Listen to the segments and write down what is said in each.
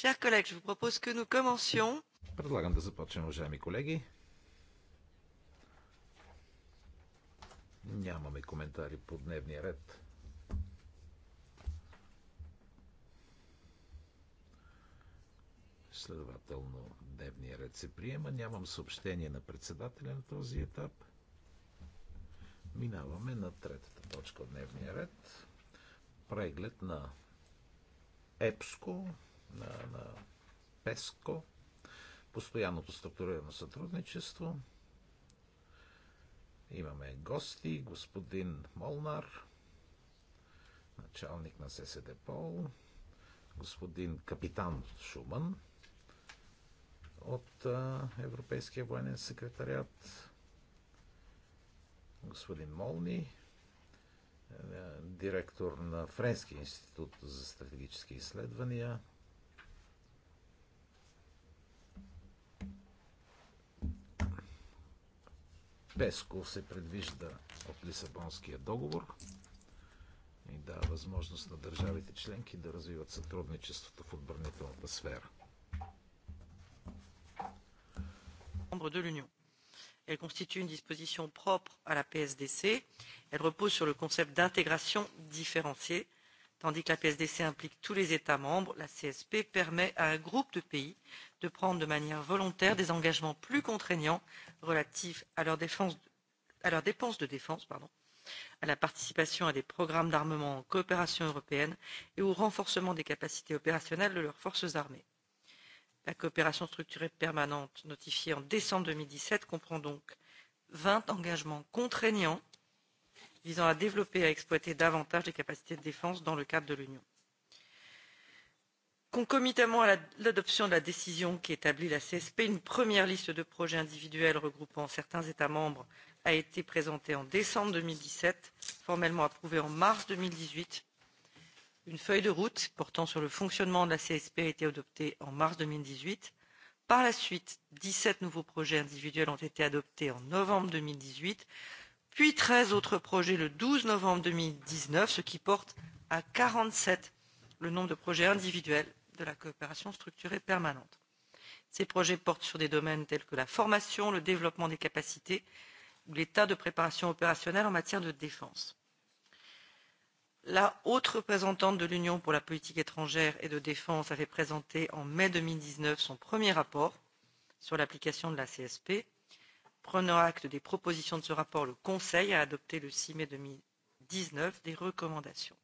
Chers collègues, je vous propose que nous commencions. Предлагам да започнем, уважаеми колеги. Нямаме коментари по дневния ред. Следователно, дневния ред се приема. Нямам съобщение на председателя на този етап. Минаваме на третата точка от дневния ред. Преглед на ЕПСКО, на, на ПЕСКО, постоянното структурирано сътрудничество. Имаме гости, господин Молнар, началник на ССД Пол, господин капитан Шуман от Европейския военен секретариат, господин Молни, директор на Френския институт за стратегически изследвания, ПЕСКО се предвижда от Лисабонския договор и дава възможност на държавите членки да развиват сътрудничеството в отбранителната сфера. de l'Union. Elle constitue une disposition propre à la PSDC. Elle repose sur le concept d'intégration différenciée Tandis que la PSDC implique tous les États membres, la CSP permet à un groupe de pays de prendre de manière volontaire des engagements plus contraignants relatifs à leurs dépenses de défense, pardon, à la participation à des programmes d'armement en coopération européenne et au renforcement des capacités opérationnelles de leurs forces armées. La coopération structurée permanente notifiée en décembre deux mille dix sept comprend donc vingt engagements contraignants visant à développer et à exploiter davantage les capacités de défense dans le cadre de l'Union. Concomitamment à l'adoption de la décision qui établit la CSP, une première liste de projets individuels regroupant certains États membres a été présentée en décembre deux mille dix sept, formellement approuvée en mars deux mille dix huit. Une feuille de route portant sur le fonctionnement de la CSP a été adoptée en mars deux mille dix huit. Par la suite, dix sept nouveaux projets individuels ont été adoptés en novembre deux mille dix huit, puis treize autres projets le douze novembre deux mille dix neuf ce qui porte à quarante sept le nombre de projets individuels de la coopération structurée permanente. Ces projets portent sur des domaines tels que la formation, le développement des capacités ou l'état de préparation opérationnelle en matière de défense. La haute représentante de l'Union pour la politique étrangère et de défense avait présenté en mai deux mille dix neuf son premier rapport sur l'application de la CSP Prenant acte des propositions de ce rapport, le Conseil a adopté le 6 mai 2019 des recommandations.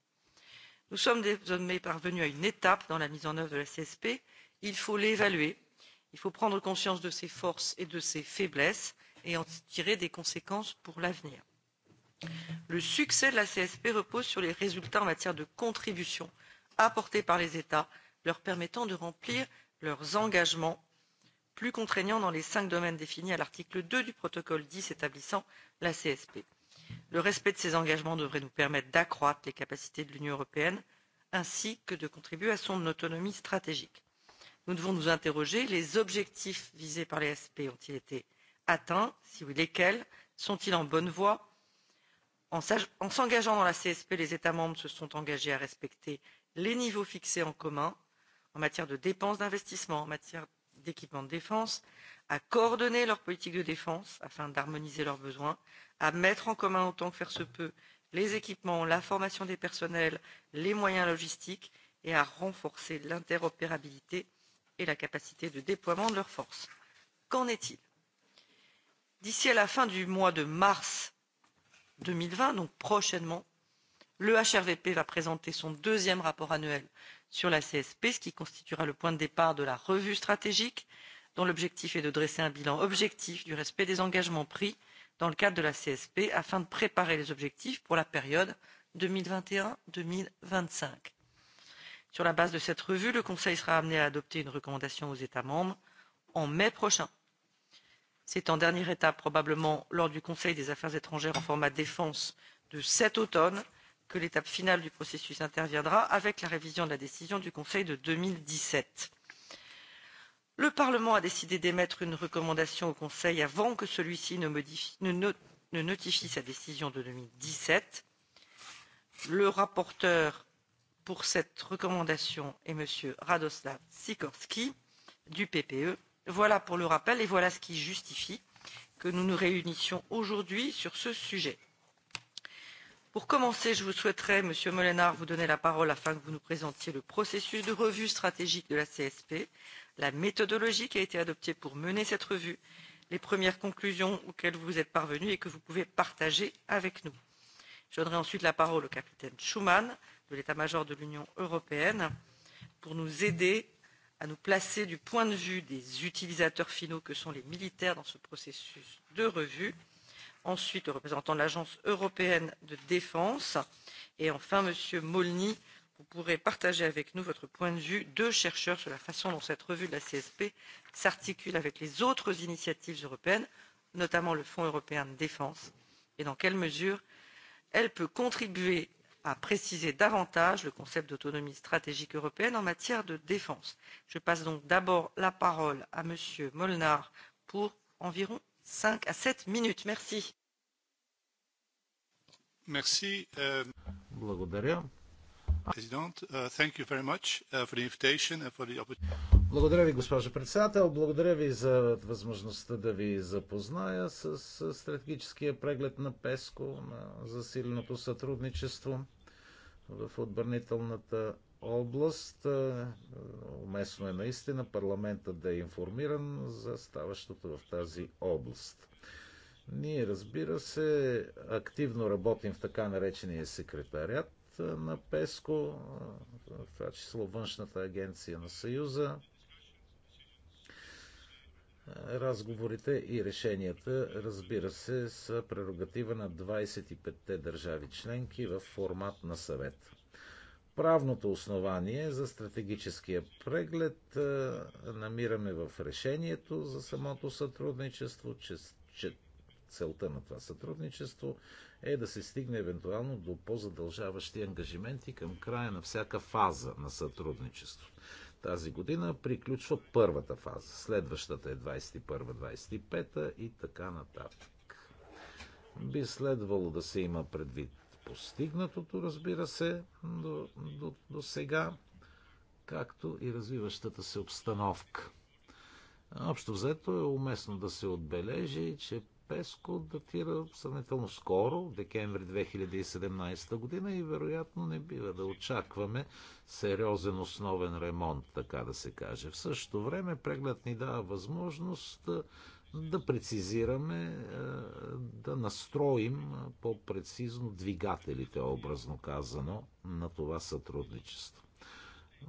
Nous sommes désormais parvenus à une étape dans la mise en œuvre de la CSP. Il faut l'évaluer, il faut prendre conscience de ses forces et de ses faiblesses et en tirer des conséquences pour l'avenir. Le succès de la CSP repose sur les résultats en matière de contribution apportées par les États, leur permettant de remplir leurs engagements plus contraignant dans les cinq domaines définis à l'article deux du protocole dix établissant la CSP. Le respect de ces engagements devrait nous permettre d'accroître les capacités de l'Union européenne ainsi que de contribuer à son autonomie stratégique. Nous devons nous interroger les objectifs visés par les SP ont-ils été atteints Si oui, lesquels Sont-ils en bonne voie En s'engageant dans la CSP, les États membres se sont engagés à respecter les niveaux fixés en commun en matière de dépenses d'investissement, en matière d'équipements de défense, à coordonner leur politique de défense afin d'harmoniser leurs besoins, à mettre en commun autant que faire se peut les équipements, la formation des personnels, les moyens logistiques et à renforcer l'interopérabilité et la capacité de déploiement de leurs forces. Qu'en est-il D'ici à la fin du mois de mars 2020, donc prochainement, le HRVP va présenter son deuxième rapport annuel sur la CSP, ce qui constituera le point de départ de la revue stratégique, dont l'objectif est de dresser un bilan objectif du respect des engagements pris dans le cadre de la CSP afin de préparer les objectifs pour la période 2021-2025. Sur la base de cette revue, le Conseil sera amené à adopter une recommandation aux États membres en mai prochain. C'est en dernière étape, probablement lors du Conseil des affaires étrangères en format défense de cet automne, que l'étape finale du processus interviendra avec la révision de la décision du Conseil de 2017. Le Parlement a décidé d'émettre une recommandation au Conseil avant que celui-ci ne, modifie, ne, ne, ne notifie sa décision de 2017. Le rapporteur pour cette recommandation est M. Radoslav Sikorski du PPE. Voilà pour le rappel et voilà ce qui justifie que nous nous réunissions aujourd'hui sur ce sujet. Pour commencer, je vous souhaiterais, Monsieur Molénard, vous donner la parole afin que vous nous présentiez le processus de revue stratégique de la CSP, la méthodologie qui a été adoptée pour mener cette revue, les premières conclusions auxquelles vous êtes parvenus et que vous pouvez partager avec nous. Je donnerai ensuite la parole au capitaine Schuman de l'état-major de l'Union européenne pour nous aider à nous placer du point de vue des utilisateurs finaux que sont les militaires dans ce processus de revue ensuite le représentant de l'Agence européenne de défense, et enfin Monsieur Molny, vous pourrez partager avec nous votre point de vue de chercheur sur la façon dont cette revue de la CSP s'articule avec les autres initiatives européennes, notamment le Fonds européen de défense, et dans quelle mesure elle peut contribuer à préciser davantage le concept d'autonomie stratégique européenne en matière de défense. Je passe donc d'abord la parole à Monsieur Molnar pour environ 5 à 7 minutes. Merci. Merci. Euh, Благодаря. Благодаря ви, госпожа председател. Благодаря ви за възможността да ви запозная с стратегическия преглед на ПЕСКО, на засиленото сътрудничество в отбранителната област. Уместно е наистина парламентът да е информиран за ставащото в тази област. Ние, разбира се, активно работим в така наречения секретарят на ПЕСКО, в това число външната агенция на Съюза. Разговорите и решенията, разбира се, са прерогатива на 25-те държави членки в формат на съвет. Правното основание за стратегическия преглед е, намираме в решението за самото сътрудничество, че, че целта на това сътрудничество е да се стигне евентуално до по-задължаващи ангажименти към края на всяка фаза на сътрудничество. Тази година приключва първата фаза, следващата е 21-25 и така нататък. Би следвало да се има предвид постигнатото, разбира се, до, до, до сега, както и развиващата се обстановка. Общо взето е уместно да се отбележи, че Песко датира сравнително скоро, декември 2017 година и вероятно не бива да очакваме сериозен основен ремонт, така да се каже. В същото време преглед ни дава възможност да прецизираме, е, да настроим по-прецизно двигателите, образно казано, на това сътрудничество.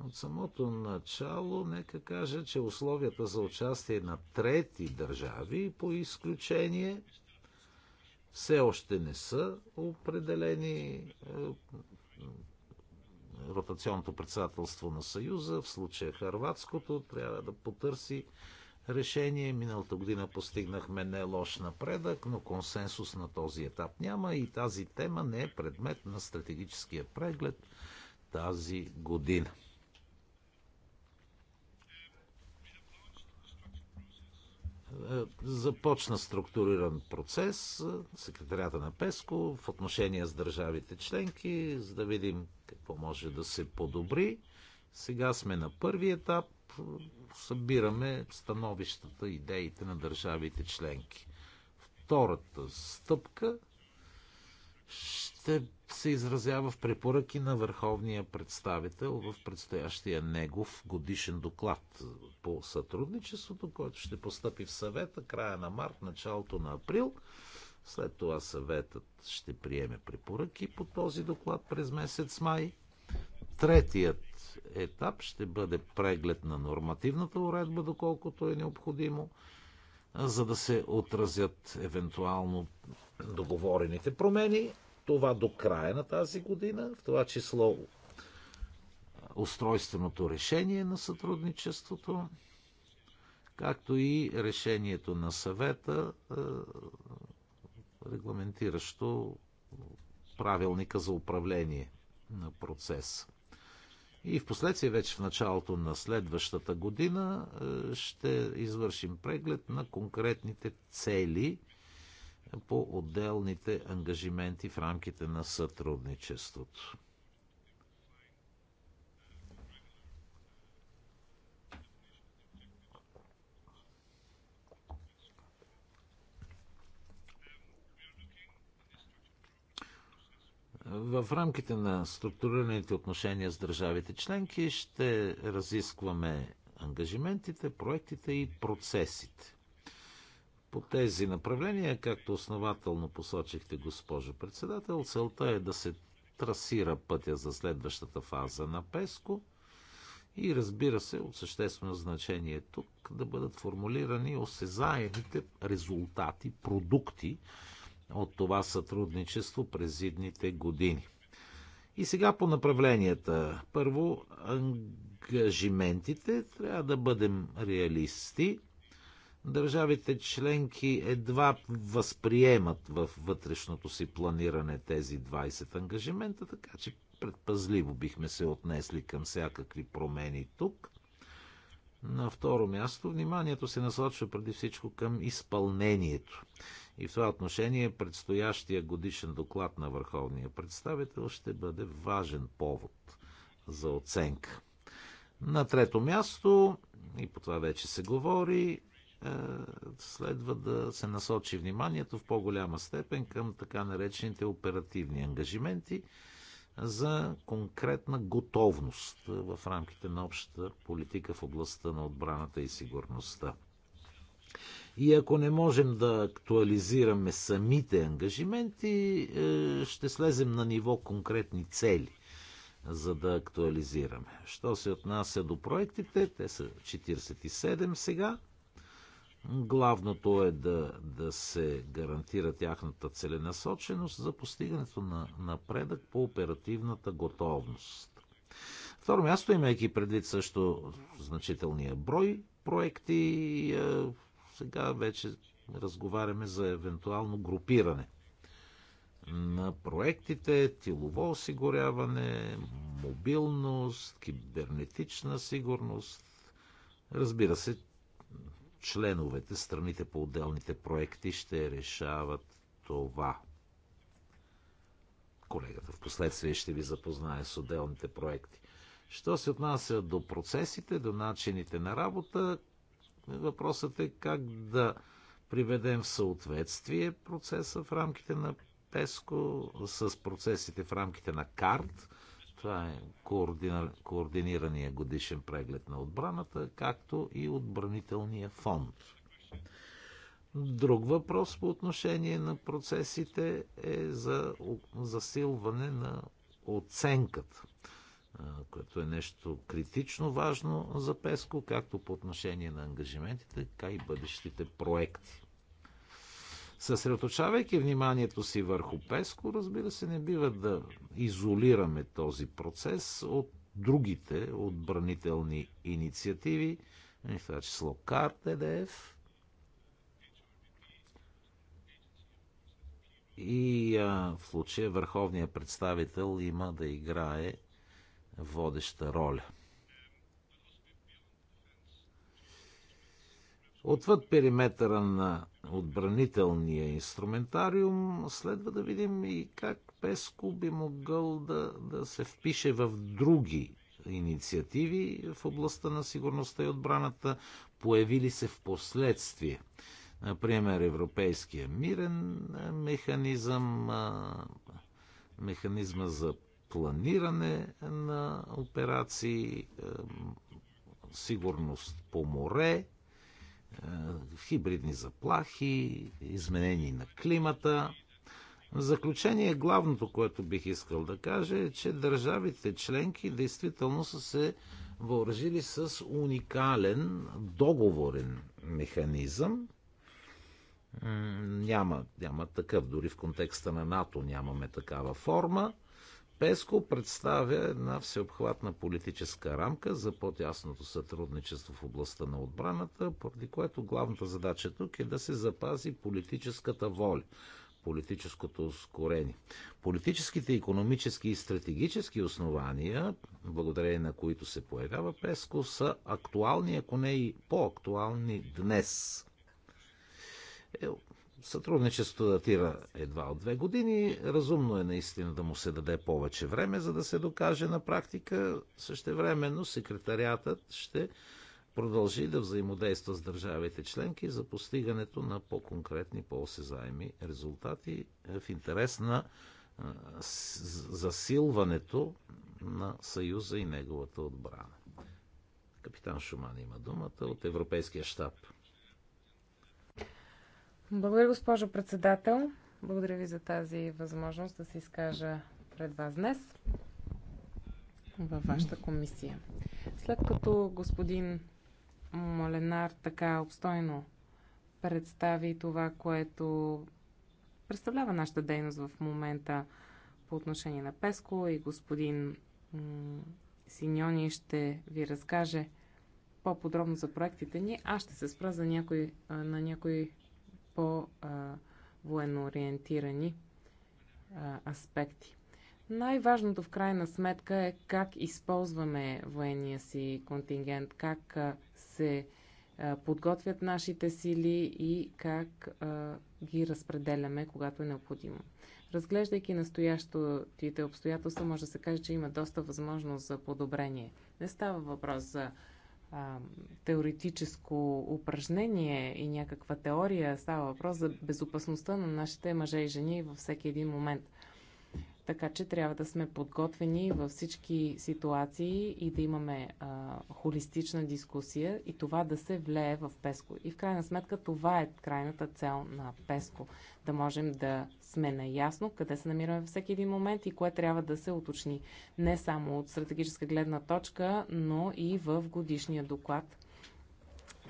От самото начало, нека кажа, че условията за участие на трети държави по изключение все още не са определени е, ротационното председателство на Съюза, в случая Харватското, трябва да потърси решение. Миналата година постигнахме не лош напредък, но консенсус на този етап няма и тази тема не е предмет на стратегическия преглед тази година. Е, започна структуриран процес, секретарята на ПЕСКО, в отношения с държавите членки, за да видим какво може да се подобри. Сега сме на първи етап, събираме становищата, идеите на държавите членки. Втората стъпка ще се изразява в препоръки на върховния представител в предстоящия негов годишен доклад по сътрудничеството, който ще постъпи в съвета края на март, началото на април. След това съветът ще приеме препоръки по този доклад през месец май. Третият етап ще бъде преглед на нормативната уредба, доколкото е необходимо, за да се отразят евентуално договорените промени. Това до края на тази година, в това число устройственото решение на сътрудничеството, както и решението на съвета, регламентиращо правилника за управление на процеса. И в последствие, вече в началото на следващата година, е, ще извършим преглед на конкретните цели по отделните ангажименти в рамките на сътрудничеството. В рамките на структурираните отношения с държавите членки ще разискваме ангажиментите, проектите и процесите. По тези направления, както основателно посочихте, госпожо председател, целта е да се трасира пътя за следващата фаза на ПЕСКО и разбира се, от съществено значение тук да бъдат формулирани осезаемите резултати, продукти, от това сътрудничество през идните години. И сега по направленията. Първо, ангажиментите. Трябва да бъдем реалисти. Държавите членки едва възприемат в вътрешното си планиране тези 20 ангажимента, така че предпазливо бихме се отнесли към всякакви промени тук. На второ място, вниманието се насочва преди всичко към изпълнението. И в това отношение предстоящия годишен доклад на Върховния представител ще бъде важен повод за оценка. На трето място, и по това вече се говори, е, следва да се насочи вниманието в по-голяма степен към така наречените оперативни ангажименти за конкретна готовност в рамките на общата политика в областта на отбраната и сигурността. И ако не можем да актуализираме самите ангажименти, е, ще слезем на ниво конкретни цели, за да актуализираме. Що се отнася до проектите, те са 47 сега. Главното е да, да се гарантира тяхната целенасоченост за постигането на напредък по оперативната готовност. Второ място, имайки предвид също значителния брой проекти, е, сега вече разговаряме за евентуално групиране на проектите, тилово осигуряване, мобилност, кибернетична сигурност. Разбира се, членовете, страните по отделните проекти ще решават това. Колегата в последствие ще ви запознае с отделните проекти. Що се отнася до процесите, до начините на работа, Въпросът е как да приведем в съответствие процеса в рамките на ПЕСКО с процесите в рамките на КАРТ. Това е координирания годишен преглед на отбраната, както и отбранителния фонд. Друг въпрос по отношение на процесите е за засилване на оценката което е нещо критично важно за Песко, както по отношение на ангажиментите, така и бъдещите проекти. Съсредоточавайки вниманието си върху Песко, разбира се, не бива да изолираме този процес от другите отбранителни инициативи, в това число КАРТ, ЕДФ и а, в случая върховният представител има да играе водеща роля. Отвъд периметъра на отбранителния инструментариум следва да видим и как Песко би могъл да, да се впише в други инициативи в областта на сигурността и отбраната, появили се в последствие. Например, Европейския мирен механизъм, механизма за планиране на операции, е, сигурност по море, е, хибридни заплахи, изменения на климата. В заключение, главното, което бих искал да кажа е, че държавите членки действително са се въоръжили с уникален договорен механизъм. Няма, няма такъв, дори в контекста на НАТО нямаме такава форма ПЕСКО представя една всеобхватна политическа рамка за по-тясното сътрудничество в областта на отбраната, поради което главната задача тук е да се запази политическата воля, политическото ускорение. Политическите, економически и стратегически основания, благодарение на които се появява ПЕСКО, са актуални, ако не и по-актуални днес. Е, Сътрудничеството датира едва от две години. Разумно е наистина да му се даде повече време, за да се докаже на практика. Същевременно секретариатът ще продължи да взаимодейства с държавите членки за постигането на по-конкретни, по-осезаеми резултати в интерес на засилването на Съюза и неговата отбрана. Капитан Шуман има думата от Европейския щаб. Благодаря, госпожо председател. Благодаря ви за тази възможност да се изкажа пред вас днес във вашата комисия. След като господин Моленар така обстойно представи това, което представлява нашата дейност в момента по отношение на Песко и господин Синьони ще ви разкаже по-подробно за проектите ни. Аз ще се спра за някой, на някои по-военноориентирани аспекти. Най-важното в крайна сметка е как използваме военния си контингент, как се подготвят нашите сили и как а, ги разпределяме, когато е необходимо. Разглеждайки настоящите обстоятелства, може да се каже, че има доста възможност за подобрение. Не става въпрос за а, теоретическо упражнение и някаква теория. Става въпрос за безопасността на нашите мъже и жени във всеки един момент. Така че трябва да сме подготвени във всички ситуации и да имаме а, холистична дискусия и това да се влее в ПЕСКО. И в крайна сметка това е крайната цел на ПЕСКО. Да можем да сме наясно къде се намираме във всеки един момент и кое трябва да се уточни. Не само от стратегическа гледна точка, но и в годишния доклад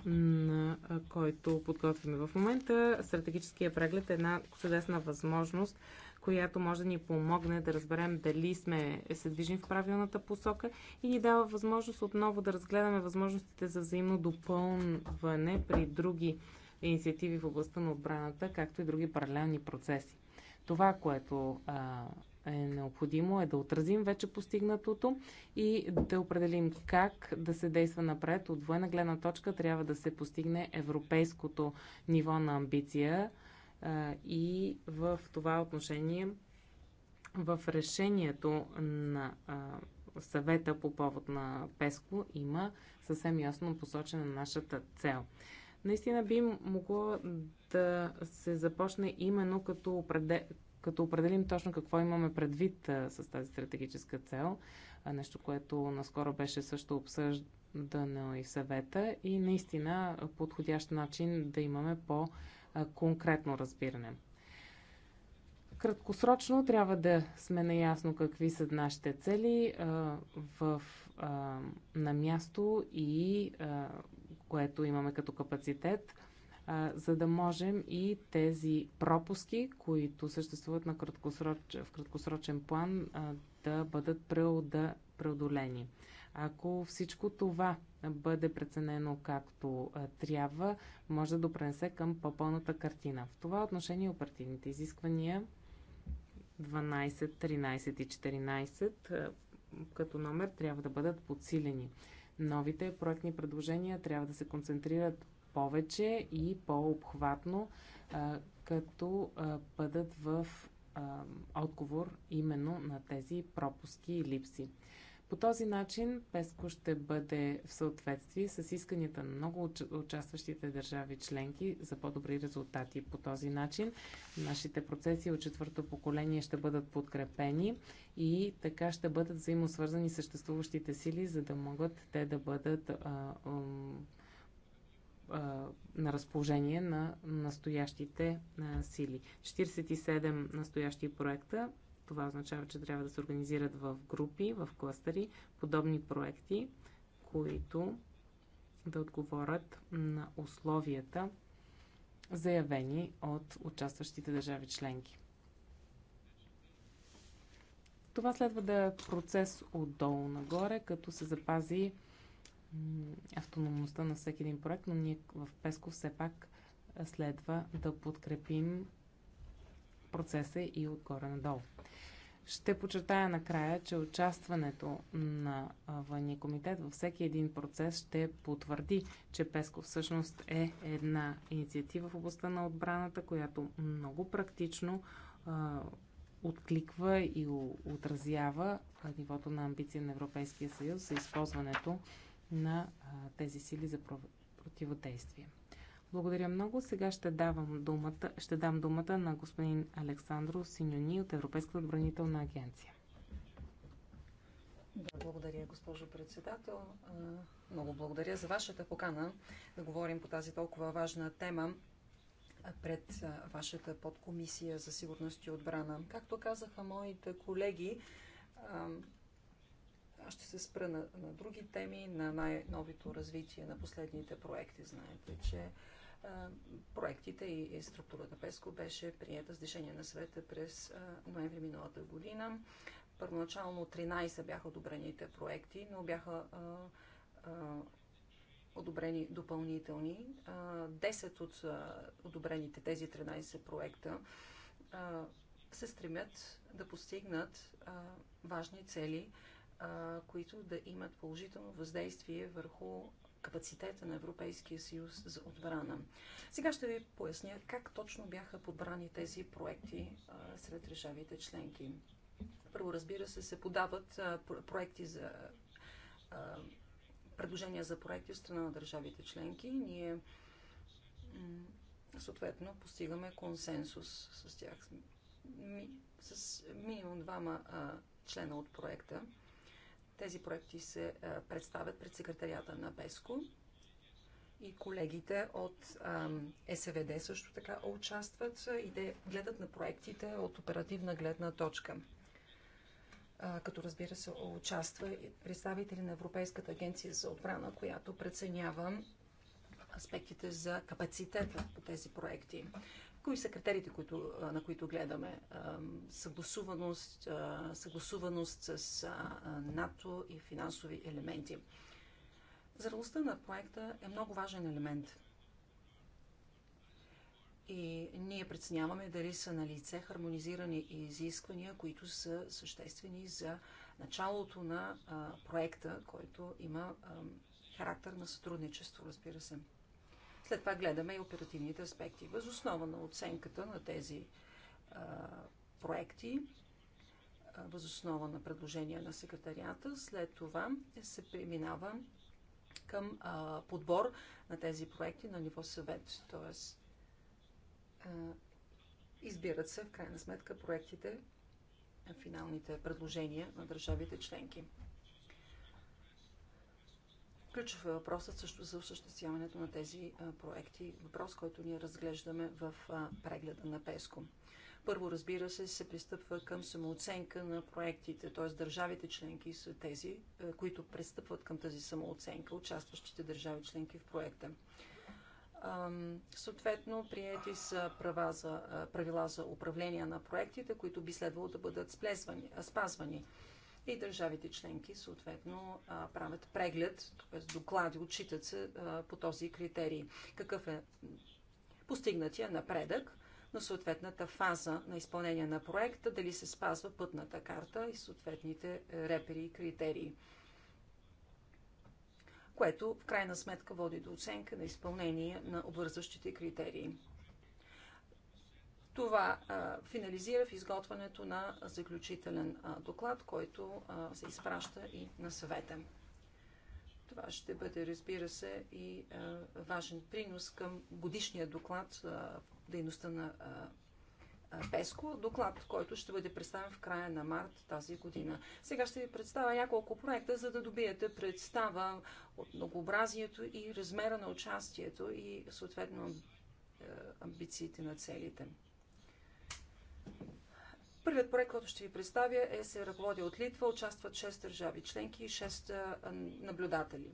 на който подготвяме в момента. Стратегическия преглед е една чудесна възможност която може да ни помогне да разберем дали сме се движим в правилната посока и ни дава възможност отново да разгледаме възможностите за взаимно допълване при други инициативи в областта на отбраната, както и други паралелни процеси. Това, което а, е необходимо е да отразим вече постигнатото и да определим как да се действа напред. От военна гледна точка трябва да се постигне европейското ниво на амбиция и в това отношение, в решението на съвета по повод на ПЕСКО има съвсем ясно посочена нашата цел. Наистина би могло да се започне именно като, определ... като определим точно какво имаме предвид а, с тази стратегическа цел. А, нещо, което наскоро беше също обсъждано и в съвета и наистина подходящ начин да имаме по- конкретно разбиране. Краткосрочно трябва да сме наясно какви са нашите цели в, на място и което имаме като капацитет, за да можем и тези пропуски, които съществуват на краткосроч, в краткосрочен план, да бъдат преодолени. Ако всичко това бъде преценено както трябва, може да допренесе към по-пълната картина. В това отношение оперативните изисквания 12, 13 и 14 като номер трябва да бъдат подсилени. Новите проектни предложения трябва да се концентрират повече и по-обхватно, като бъдат в отговор именно на тези пропуски и липси. По този начин ПЕСКО ще бъде в съответствие с исканията на много участващите държави членки за по-добри резултати. По този начин нашите процеси от четвърто поколение ще бъдат подкрепени и така ще бъдат взаимосвързани съществуващите сили, за да могат те да бъдат на разположение на настоящите сили. 47 настоящи проекта това означава, че трябва да се организират в групи, в кластери, подобни проекти, които да отговорят на условията, заявени от участващите държави членки. Това следва да е процес отдолу нагоре, като се запази автономността на всеки един проект, но ние в Песко все пак следва да подкрепим процеса и отгоре надолу. Ще подчертая накрая, че участването на Вънния комитет във всеки един процес ще потвърди, че ПЕСКО всъщност е една инициатива в областта на отбраната, която много практично а, откликва и отразява нивото на амбиция на Европейския съюз за използването на а, тези сили за противодействие. Благодаря много. Сега ще, давам думата, ще дам думата на господин Александро Синьони от Европейската отбранителна агенция. Да, благодаря, госпожо председател. Много благодаря за вашата покана да говорим по тази толкова важна тема пред вашата подкомисия за сигурност и отбрана. Както казаха моите колеги, аз ще се спра на, на други теми, на най-новито развитие на последните проекти. Знаете, че проектите и структурата ПЕСКО беше прията с решение на съвета през ноември миналата година. Първоначално 13 бяха одобрените проекти, но бяха одобрени допълнителни. 10 от одобрените тези 13 проекта се стремят да постигнат важни цели, които да имат положително въздействие върху капацитета на Европейския съюз за отбрана. Сега ще ви поясня как точно бяха подбрани тези проекти сред държавите членки. Първо, разбира се, се подават проекти за предложения за проекти от страна на държавите членки. Ние съответно постигаме консенсус с тях. с минимум двама члена от проекта тези проекти се представят пред секретарията на ПЕСКО и колегите от СВД също така участват и те гледат на проектите от оперативна гледна точка. Като разбира се, участва и представители на Европейската агенция за отбрана, която преценява аспектите за капацитета по тези проекти. Кои са критериите, които, на които гледаме? Съгласуваност, съгласуваност с НАТО и финансови елементи. Зрелостта на проекта е много важен елемент. И ние преценяваме дали са на лице хармонизирани изисквания, които са съществени за началото на проекта, който има характер на сътрудничество, разбира се. След това гледаме и оперативните аспекти. Възоснова на оценката на тези а, проекти, а, възоснова на предложения на секретарията, след това се преминава към а, подбор на тези проекти на ниво съвет. Тоест, а, избират се в крайна сметка проектите, финалните предложения на държавите членки. Ключов е въпросът също за осъществяването на тези проекти, въпрос, който ние разглеждаме в прегледа на ПЕСКО. Първо, разбира се, се пристъпва към самооценка на проектите, т.е. държавите членки са тези, които пристъпват към тази самооценка, участващите държави членки в проекта. Съответно, приети са права за, правила за управление на проектите, които би следвало да бъдат сплезвани, спазвани и държавите членки съответно правят преглед, т.е. доклади, отчитат се по този критерий. Какъв е постигнатия напредък на съответната фаза на изпълнение на проекта, дали се спазва пътната карта и съответните репери и критерии което в крайна сметка води до оценка на изпълнение на обвързващите критерии. Това а, финализира в изготвянето на заключителен а, доклад, който а, се изпраща и на съвета. Това ще бъде, разбира се, и а, важен принос към годишния доклад а, дейността на а, ПЕСКО, доклад, който ще бъде представен в края на март тази година. Сега ще ви представя няколко проекта, за да добиете представа от многообразието и размера на участието и съответно амбициите на целите. Първият проект, който ще ви представя, е се ръководи от Литва, участват 6 държави членки и 6 наблюдатели.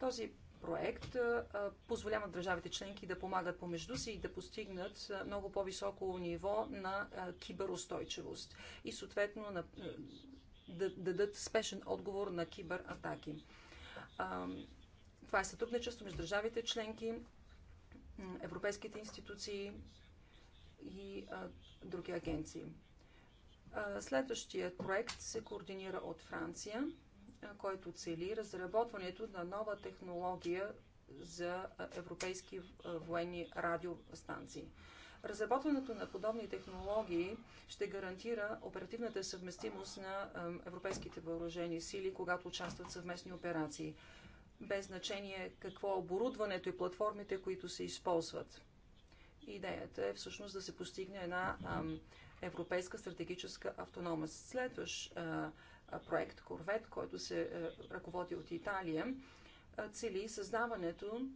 Този проект позволява държавите членки да помагат помежду си и да постигнат много по-високо ниво на киберустойчивост и съответно на, да, да дадат спешен отговор на кибератаки. Това е сътрудничество между държавите членки, европейските институции, и а, други агенции. А, следващият проект се координира от Франция, а, който цели разработването на нова технология за европейски военни радиостанции. Разработването на подобни технологии ще гарантира оперативната съвместимост на европейските въоръжени сили, когато участват в съвместни операции, без значение какво е оборудването и платформите, които се използват. Идеята е всъщност да се постигне една европейска стратегическа автономност. Следващ проект Корвет, който се е, ръководи от Италия, цели създаването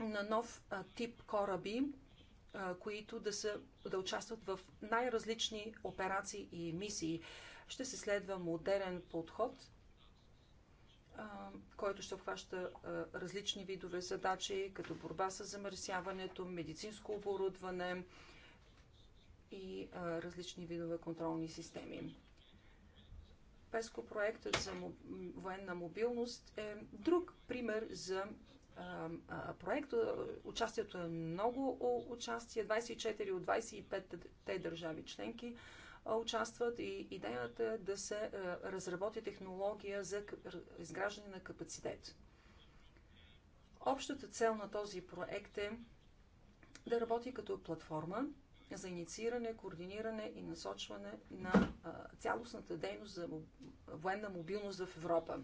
на нов тип кораби, които да, са, да участват в най-различни операции и мисии. Ще се следва модерен подход който ще обхваща различни видове задачи, като борба с замърсяването, медицинско оборудване и различни видове контролни системи. ПЕСКО проектът за военна мобилност е друг пример за проект. Участието е много участие. 24 от 25-те държави членки участват и идеята е да се е, разработи технология за изграждане на капацитет. Общата цел на този проект е да работи като платформа за иницииране, координиране и насочване на цялостната дейност за военна мобилност в Европа.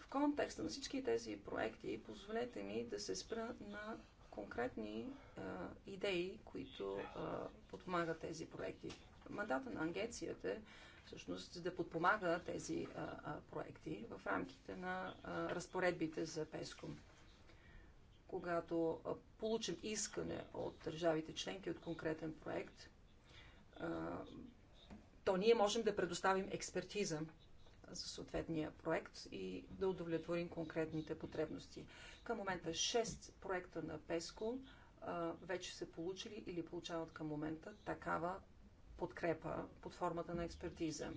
В контекста на всички тези проекти, позволете ми да се спра на конкретни а, идеи, които а, подпомагат тези проекти. Мандата на Ангецията е всъщност да подпомага тези а, а, проекти в рамките на а, разпоредбите за ПЕСКО. Когато а, получим искане от държавите членки от конкретен проект, а, то ние можем да предоставим експертиза за съответния проект и да удовлетворим конкретните потребности. Към момента 6 проекта на ПЕСКО вече са получили или получават към момента такава подкрепа под формата на експертиза.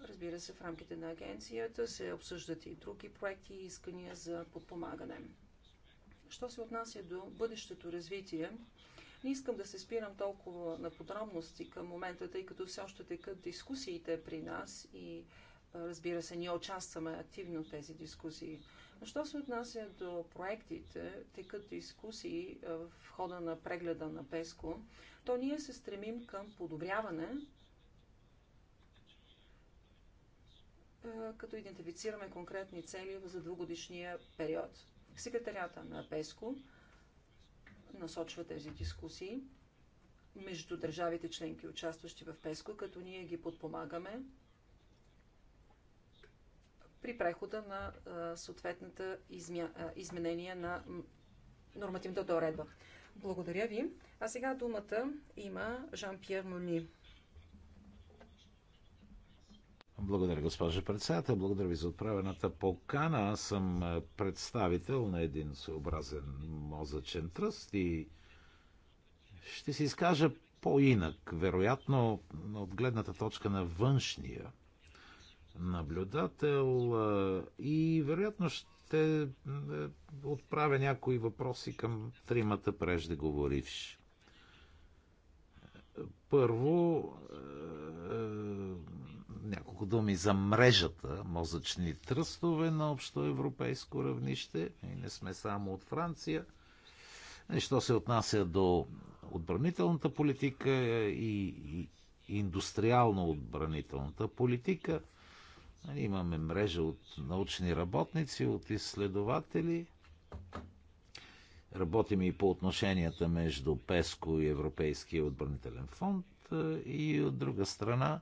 Разбира се, в рамките на агенцията се обсъждат и други проекти и искания за подпомагане. Що се отнася до бъдещето развитие, не искам да се спирам толкова на подробности към момента, тъй като все още текат дискусиите при нас и разбира се, ние участваме активно в тези дискусии. Но що се отнася до проектите, текат дискусии в хода на прегледа на ПЕСКО, то ние се стремим към подобряване като идентифицираме конкретни цели за двугодишния период. Секретарята на ПЕСКО насочва тези дискусии между държавите членки, участващи в ПЕСКО, като ние ги подпомагаме при прехода на съответната измя... изменение на нормативната доредба. Благодаря ви. А сега думата има Жан-Пьер Мони. Благодаря, госпожо председател. Благодаря ви за отправената покана. Аз съм представител на един съобразен мозъчен тръст и ще се изкажа по-инак, вероятно от гледната точка на външния наблюдател и вероятно ще е, отправя някои въпроси към тримата преждеговоривши. Първо, е, е, няколко думи за мрежата мозъчни тръстове на общо европейско равнище. И не сме само от Франция. И що се отнася до отбранителната политика и, и индустриално-отбранителната политика, нали, имаме мрежа от научни работници, от изследователи. Работим и по отношенията между ПЕСКО и Европейския отбранителен фонд и от друга страна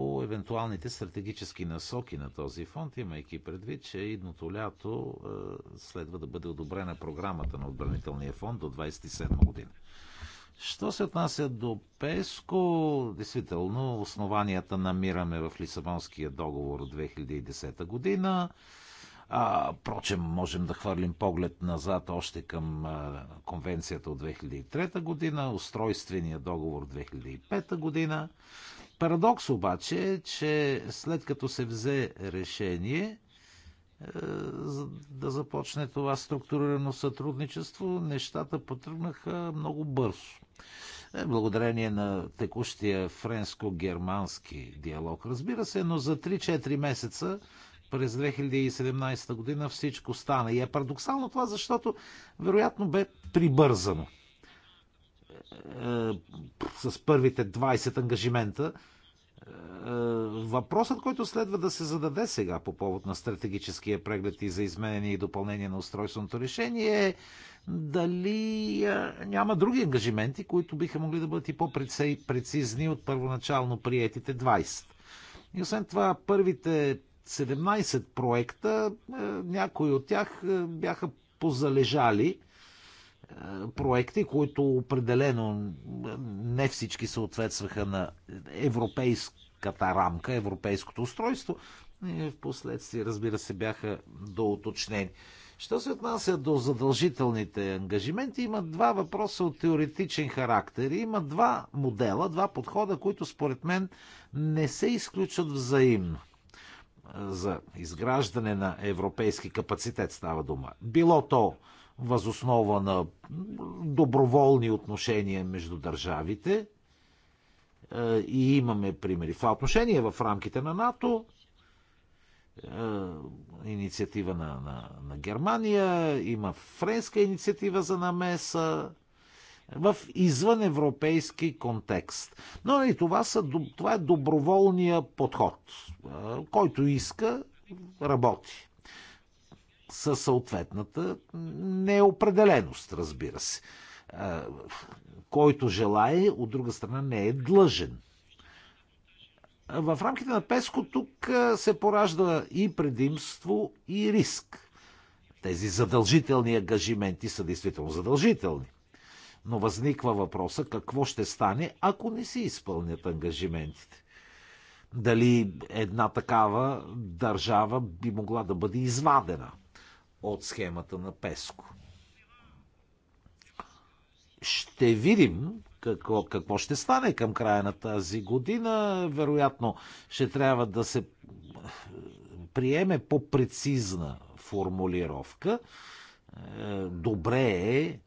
по евентуалните стратегически насоки на този фонд, имайки предвид, че идното лято е, следва да бъде одобрена програмата на отбранителния фонд до 27 година. Що се отнася до ПЕСКО, действително основанията намираме в Лисабонския договор от 2010 година. А, прочем, можем да хвърлим поглед назад още към а, е, конвенцията от 2003 година, устройствения договор от 2005 година. Парадокс обаче е, че след като се взе решение е, да започне това структурирано сътрудничество, нещата потръгнаха много бързо. Е, благодарение на текущия френско-германски диалог, разбира се, но за 3-4 месеца през 2017 година всичко стана. И е парадоксално това, защото вероятно бе прибързано. Е, с първите 20 ангажимента. Е, въпросът, който следва да се зададе сега по повод на стратегическия преглед и за изменение и допълнение на устройственото решение е дали е, няма други ангажименти, които биха могли да бъдат и по-прецизни от първоначално приетите 20. И освен това, първите 17 проекта, някои от тях бяха позалежали проекти, които определено не всички съответстваха на европейската рамка, европейското устройство. И в последствие, разбира се, бяха доуточнени. Що се отнася до задължителните ангажименти, има два въпроса от теоретичен характер. Има два модела, два подхода, които според мен не се изключат взаимно. За изграждане на европейски капацитет става дума. Било то възоснова на доброволни отношения между държавите. Е, и имаме примери. В това отношение е в рамките на НАТО е, инициатива на, на, на Германия, има френска инициатива за намеса в извъневропейски контекст. Но и това, са, това е доброволния подход. Който иска, работи със съответната неопределеност, разбира се. Който желае, от друга страна не е длъжен. В рамките на Песко тук се поражда и предимство, и риск. Тези задължителни ангажименти са действително задължителни. Но възниква въпроса какво ще стане, ако не си изпълнят ангажиментите дали една такава държава би могла да бъде извадена от схемата на Песко. Ще видим какво, какво ще стане към края на тази година. Вероятно ще трябва да се приеме по-прецизна формулировка. Е, добре е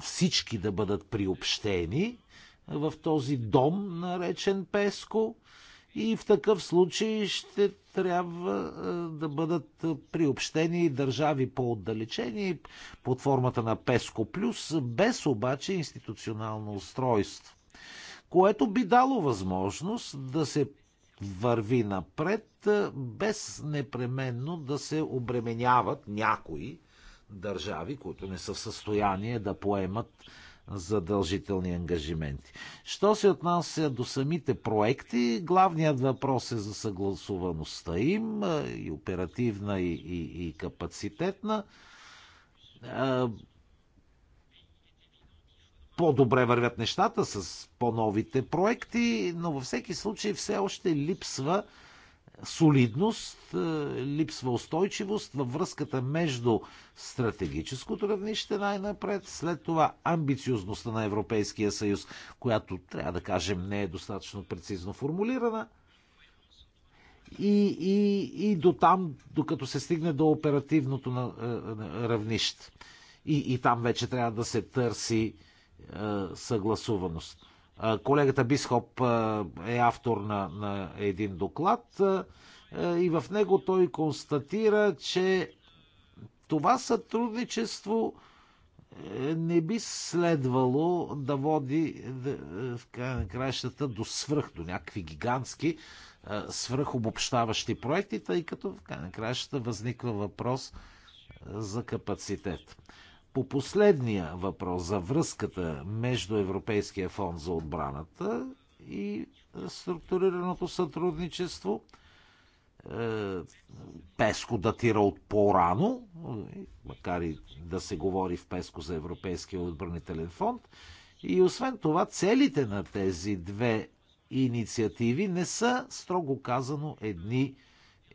всички да бъдат приобщени в този дом, наречен Песко. И в такъв случай ще трябва да бъдат приобщени държави по-отдалечени под формата на ПЕСКО Плюс, без обаче институционално устройство, което би дало възможност да се върви напред, без непременно да се обременяват някои държави, които не са в състояние да поемат задължителни ангажименти. Що се отнася до самите проекти, главният въпрос е за съгласуваността им и оперативна и, и, и капацитетна. По-добре вървят нещата с по-новите проекти, но във всеки случай все още липсва солидност, е, липсва устойчивост във връзката между стратегическото равнище най-напред, след това амбициозността на Европейския съюз, която, трябва да кажем, не е достатъчно прецизно формулирана, и, и, и до там, докато се стигне до оперативното на, на, е, е, равнище. И, и там вече трябва да се търси е, съгласуваност. Колегата Бисхоп е автор на, на един доклад е, и в него той констатира, че това сътрудничество е, не би следвало да води е, в края на краищата до свръх, до някакви гигантски свръхобобщаващи проекти, тъй като в края на краищата възниква въпрос за капацитет. По последния въпрос за връзката между Европейския фонд за отбраната и структурираното сътрудничество, е, Песко датира от по-рано, макар и да се говори в Песко за Европейския отбранителен фонд. И освен това, целите на тези две инициативи не са, строго казано, едни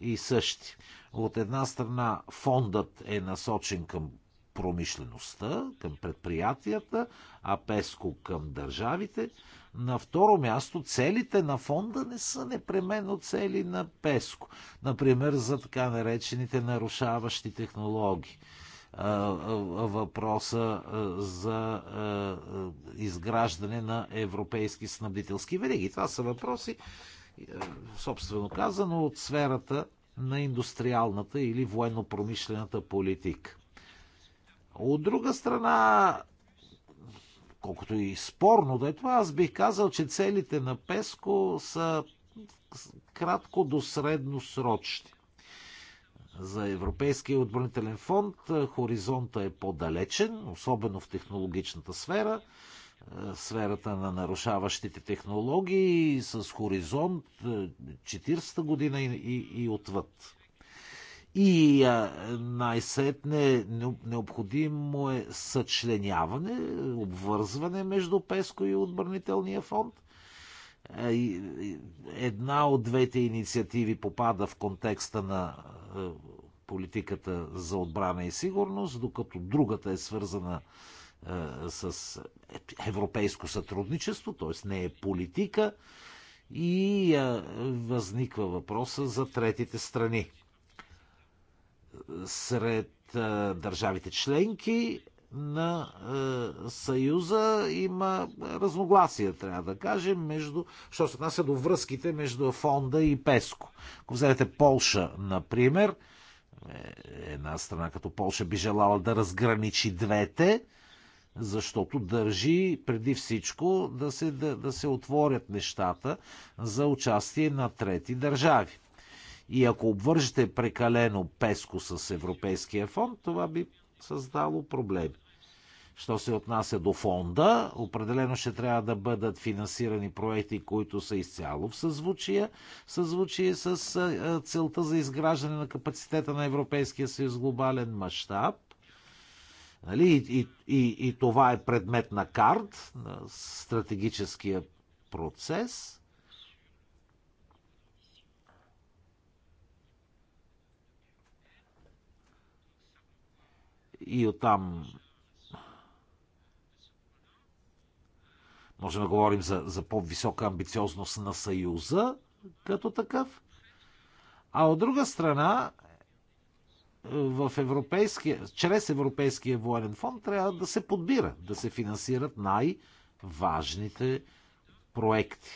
и същи. От една страна фондът е насочен към промишлеността, към предприятията, а ПЕСКО към държавите. На второ място, целите на фонда не са непременно цели на ПЕСКО. Например, за така наречените нарушаващи технологии. Въпроса за изграждане на европейски снабдителски вериги. Това са въпроси, собствено казано, от сферата на индустриалната или военно-промишлената политика. От друга страна, колкото и спорно да е това, аз бих казал, че целите на Песко са кратко до средносрочни. срочни. За Европейския отбранителен фонд е, хоризонта е по-далечен, особено в технологичната сфера, е, сферата на нарушаващите технологии с хоризонт 40-та е, година и, и, и отвъд. И най-сетне необходимо е съчленяване, обвързване между ПЕСКО и отбранителния фонд – една от двете инициативи попада в контекста на политиката за отбрана и сигурност, докато другата е свързана с европейско сътрудничество, т.е. не е политика и възниква въпроса за третите страни сред държавите членки на Съюза има разногласия, трябва да кажем, между, що се отнася до връзките между фонда и ПЕСКО. Ако вземете Полша, например, е, една страна като Полша би желала да разграничи двете, защото държи преди всичко да се, да, да се отворят нещата за участие на трети държави. И ако обвържете прекалено песко с Европейския фонд, това би създало проблеми. Що се отнася до фонда, определено ще трябва да бъдат финансирани проекти, които са изцяло в съзвучие, съзвучие с целта за изграждане на капацитета на Европейския съюз глобален мащаб. Нали? И, и, и, и това е предмет на карт, на стратегическия процес. И оттам можем да говорим за, за по-висока амбициозност на Съюза като такъв. А от друга страна, в европейския, чрез Европейския военен фонд трябва да се подбира, да се финансират най-важните проекти.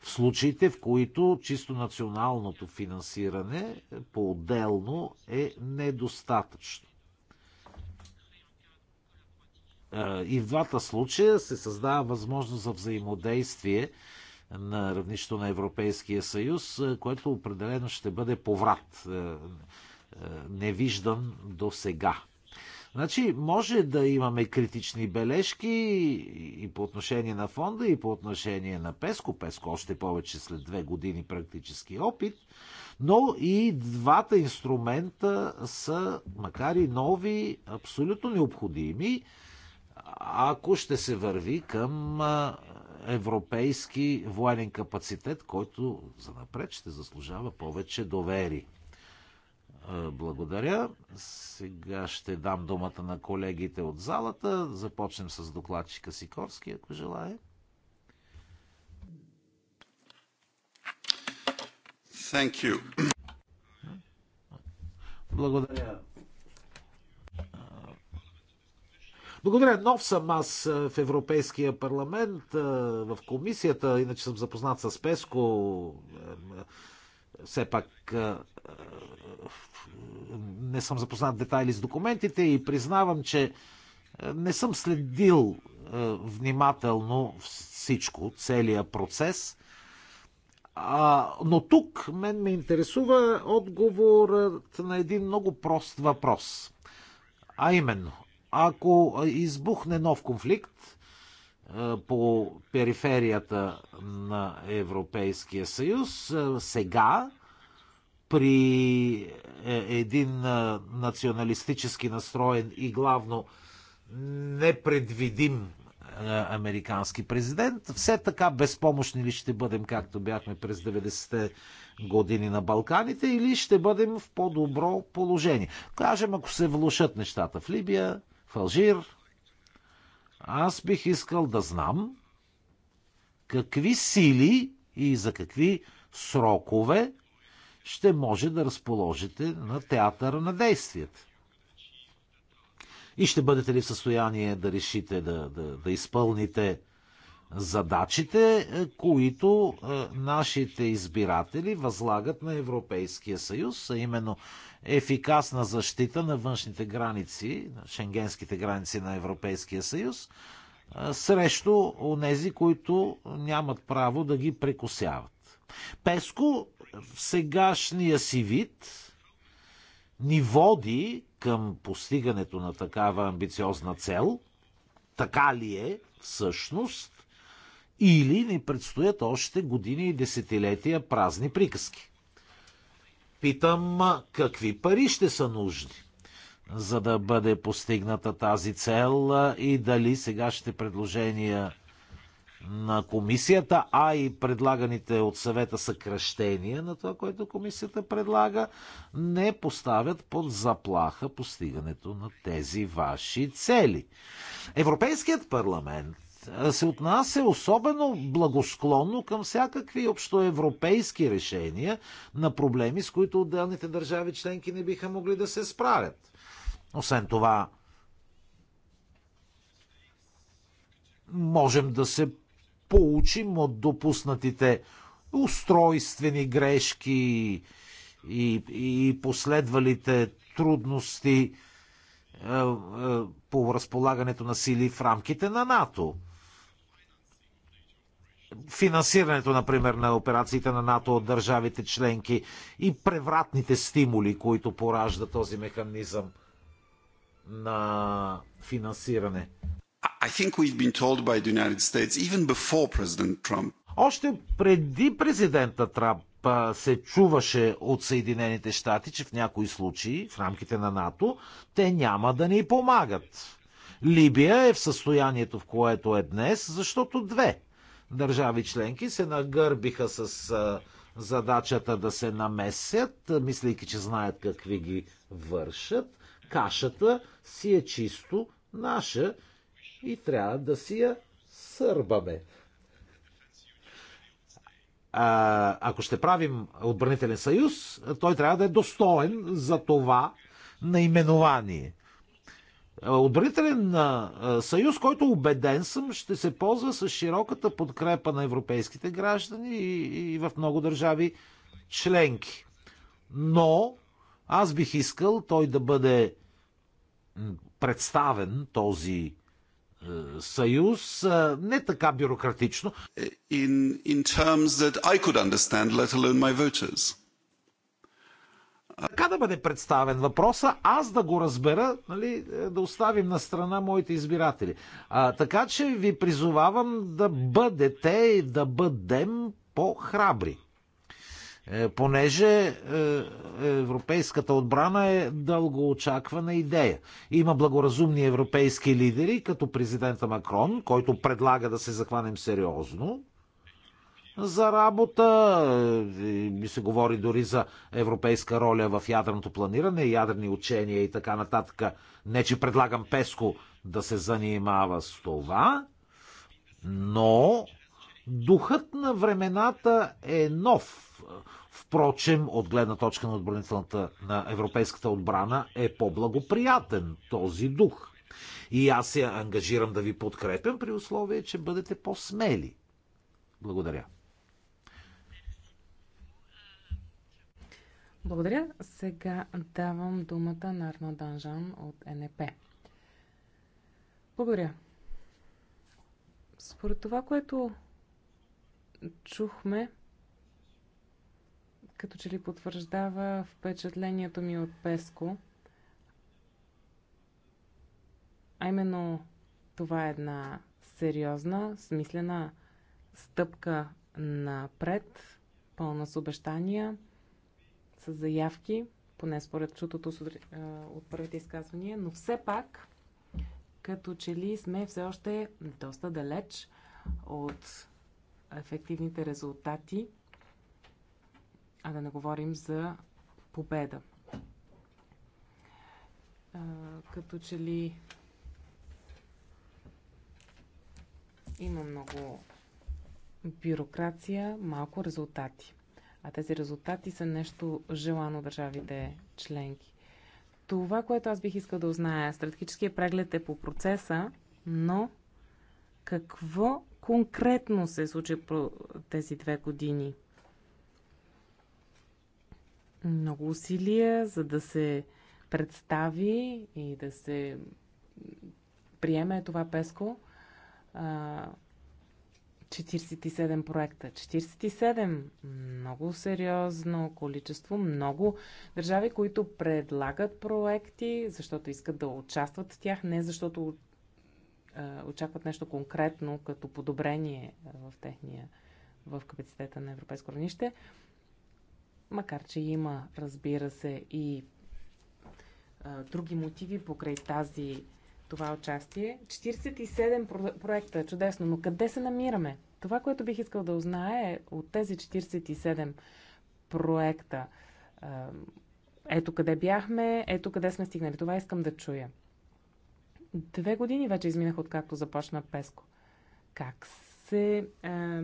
В случаите, в които чисто националното финансиране по-отделно е недостатъчно. И в двата случая се създава възможност за взаимодействие на равнището на Европейския съюз, което определено ще бъде поврат, невиждан до сега. Значи, може да имаме критични бележки и по отношение на фонда, и по отношение на Песко. Песко още повече след две години практически опит. Но и двата инструмента са, макар и нови, абсолютно необходими ако ще се върви към европейски военен капацитет, който за напред ще заслужава повече довери. Благодаря. Сега ще дам думата на колегите от залата. Започнем с докладчика Сикорски, ако желая. Thank you. Благодаря. Благодаря. Нов съм аз е, в Европейския парламент, е, в комисията, иначе съм запознат с Песко. Е, все пак не съм запознат детайли с документите и признавам, че не съм следил внимателно всичко, целият процес. А, но тук мен ме интересува отговорът на един много прост въпрос. А именно, ако избухне нов конфликт по периферията на Европейския съюз, сега при е, един националистически настроен и главно непредвидим американски президент. Все така безпомощни ли ще бъдем, както бяхме през 90-те години на Балканите, или ще бъдем в по-добро положение? Кажем, ако се влушат нещата в Либия, в Алжир. Аз бих искал да знам какви сили и за какви срокове ще може да разположите на театъра на действията. И ще бъдете ли в състояние да решите да, да, да изпълните задачите, е, които е, нашите избиратели възлагат на Европейския съюз, а именно ефикасна защита на външните граници, на шенгенските граници на Европейския съюз, срещу онези, които нямат право да ги прекусяват. Песко в сегашния си вид ни води към постигането на такава амбициозна цел. Така ли е всъщност? Или ни предстоят още години и десетилетия празни приказки? Питам какви пари ще са нужни, за да бъде постигната тази цел и дали сегашните предложения на комисията, а и предлаганите от съвета съкръщения на това, което комисията предлага, не поставят под заплаха постигането на тези ваши цели. Европейският парламент се отнася особено благосклонно към всякакви общоевропейски решения на проблеми, с които отделните държави членки не биха могли да се справят. Освен това, можем да се получим от допуснатите устройствени грешки и, и последвалите трудности е, е, по разполагането на сили в рамките на НАТО финансирането, например, на операциите на НАТО от държавите членки и превратните стимули, които поражда този механизъм на финансиране. I think we've been told by the United States even before President Trump. Още преди президента Трамп се чуваше от Съединените щати, че в някои случаи, в рамките на НАТО, те няма да ни помагат. Либия е в състоянието, в което е днес, защото две – държави членки се нагърбиха с задачата да се намесят, мислейки, че знаят какви ги вършат. Кашата си е чисто наша и трябва да си я сърбаме. А, ако ще правим отбранителен съюз, той трябва да е достоен за това наименование. Отбранителен съюз, който убеден съм, ще се ползва с широката подкрепа на европейските граждани и, и в много държави членки. Но аз бих искал той да бъде представен, този е, съюз, е, не така бюрократично. In, in terms that I could understand, let alone my voters. Така да бъде представен въпроса, аз да го разбера, нали, е, да оставим на страна моите избиратели. А, така че ви призовавам да бъдете и да бъдем по-храбри. Е, понеже е, европейската отбрана е дългоочаквана идея. Има благоразумни европейски лидери, като президента Макрон, който предлага да се захванем сериозно за работа. Е, ми се говори дори за европейска роля в ядреното планиране, ядрени учения и така нататък. Не, че предлагам Песко да се занимава с това, но духът на времената е нов. Впрочем, от гледна точка на отбранителната на европейската отбрана е по-благоприятен този дух. И аз се ангажирам да ви подкрепям при условие, че бъдете по-смели. Благодаря. Благодаря. Сега давам думата на Арно Данжан от НП. Благодаря. Според това, което чухме, като че ли потвърждава впечатлението ми от Песко, а именно това е една сериозна, смислена стъпка напред, пълна с обещания – с заявки, поне според чутото е, от първите изказвания, но все пак, като че ли сме все още доста далеч от ефективните резултати, а да не говорим за победа. Е, като че ли има много бюрокрация, малко резултати а тези резултати са нещо желано държавите членки. Това, което аз бих искал да узная, стратегическия преглед е по процеса, но какво конкретно се случи по тези две години? Много усилия, за да се представи и да се приеме това ПЕСКО. 47 проекта. 47 много сериозно количество, много държави, които предлагат проекти, защото искат да участват в тях, не защото очакват нещо конкретно като подобрение в техния в капацитета на европейско равнище. Макар, че има, разбира се, и а, други мотиви покрай тази това участие. 47 про проекта, е чудесно, но къде се намираме? Това, което бих искал да узнае от тези 47 проекта, ето къде бяхме, ето къде сме стигнали. Това искам да чуя. Две години вече изминах откакто започна Песко. Как се е,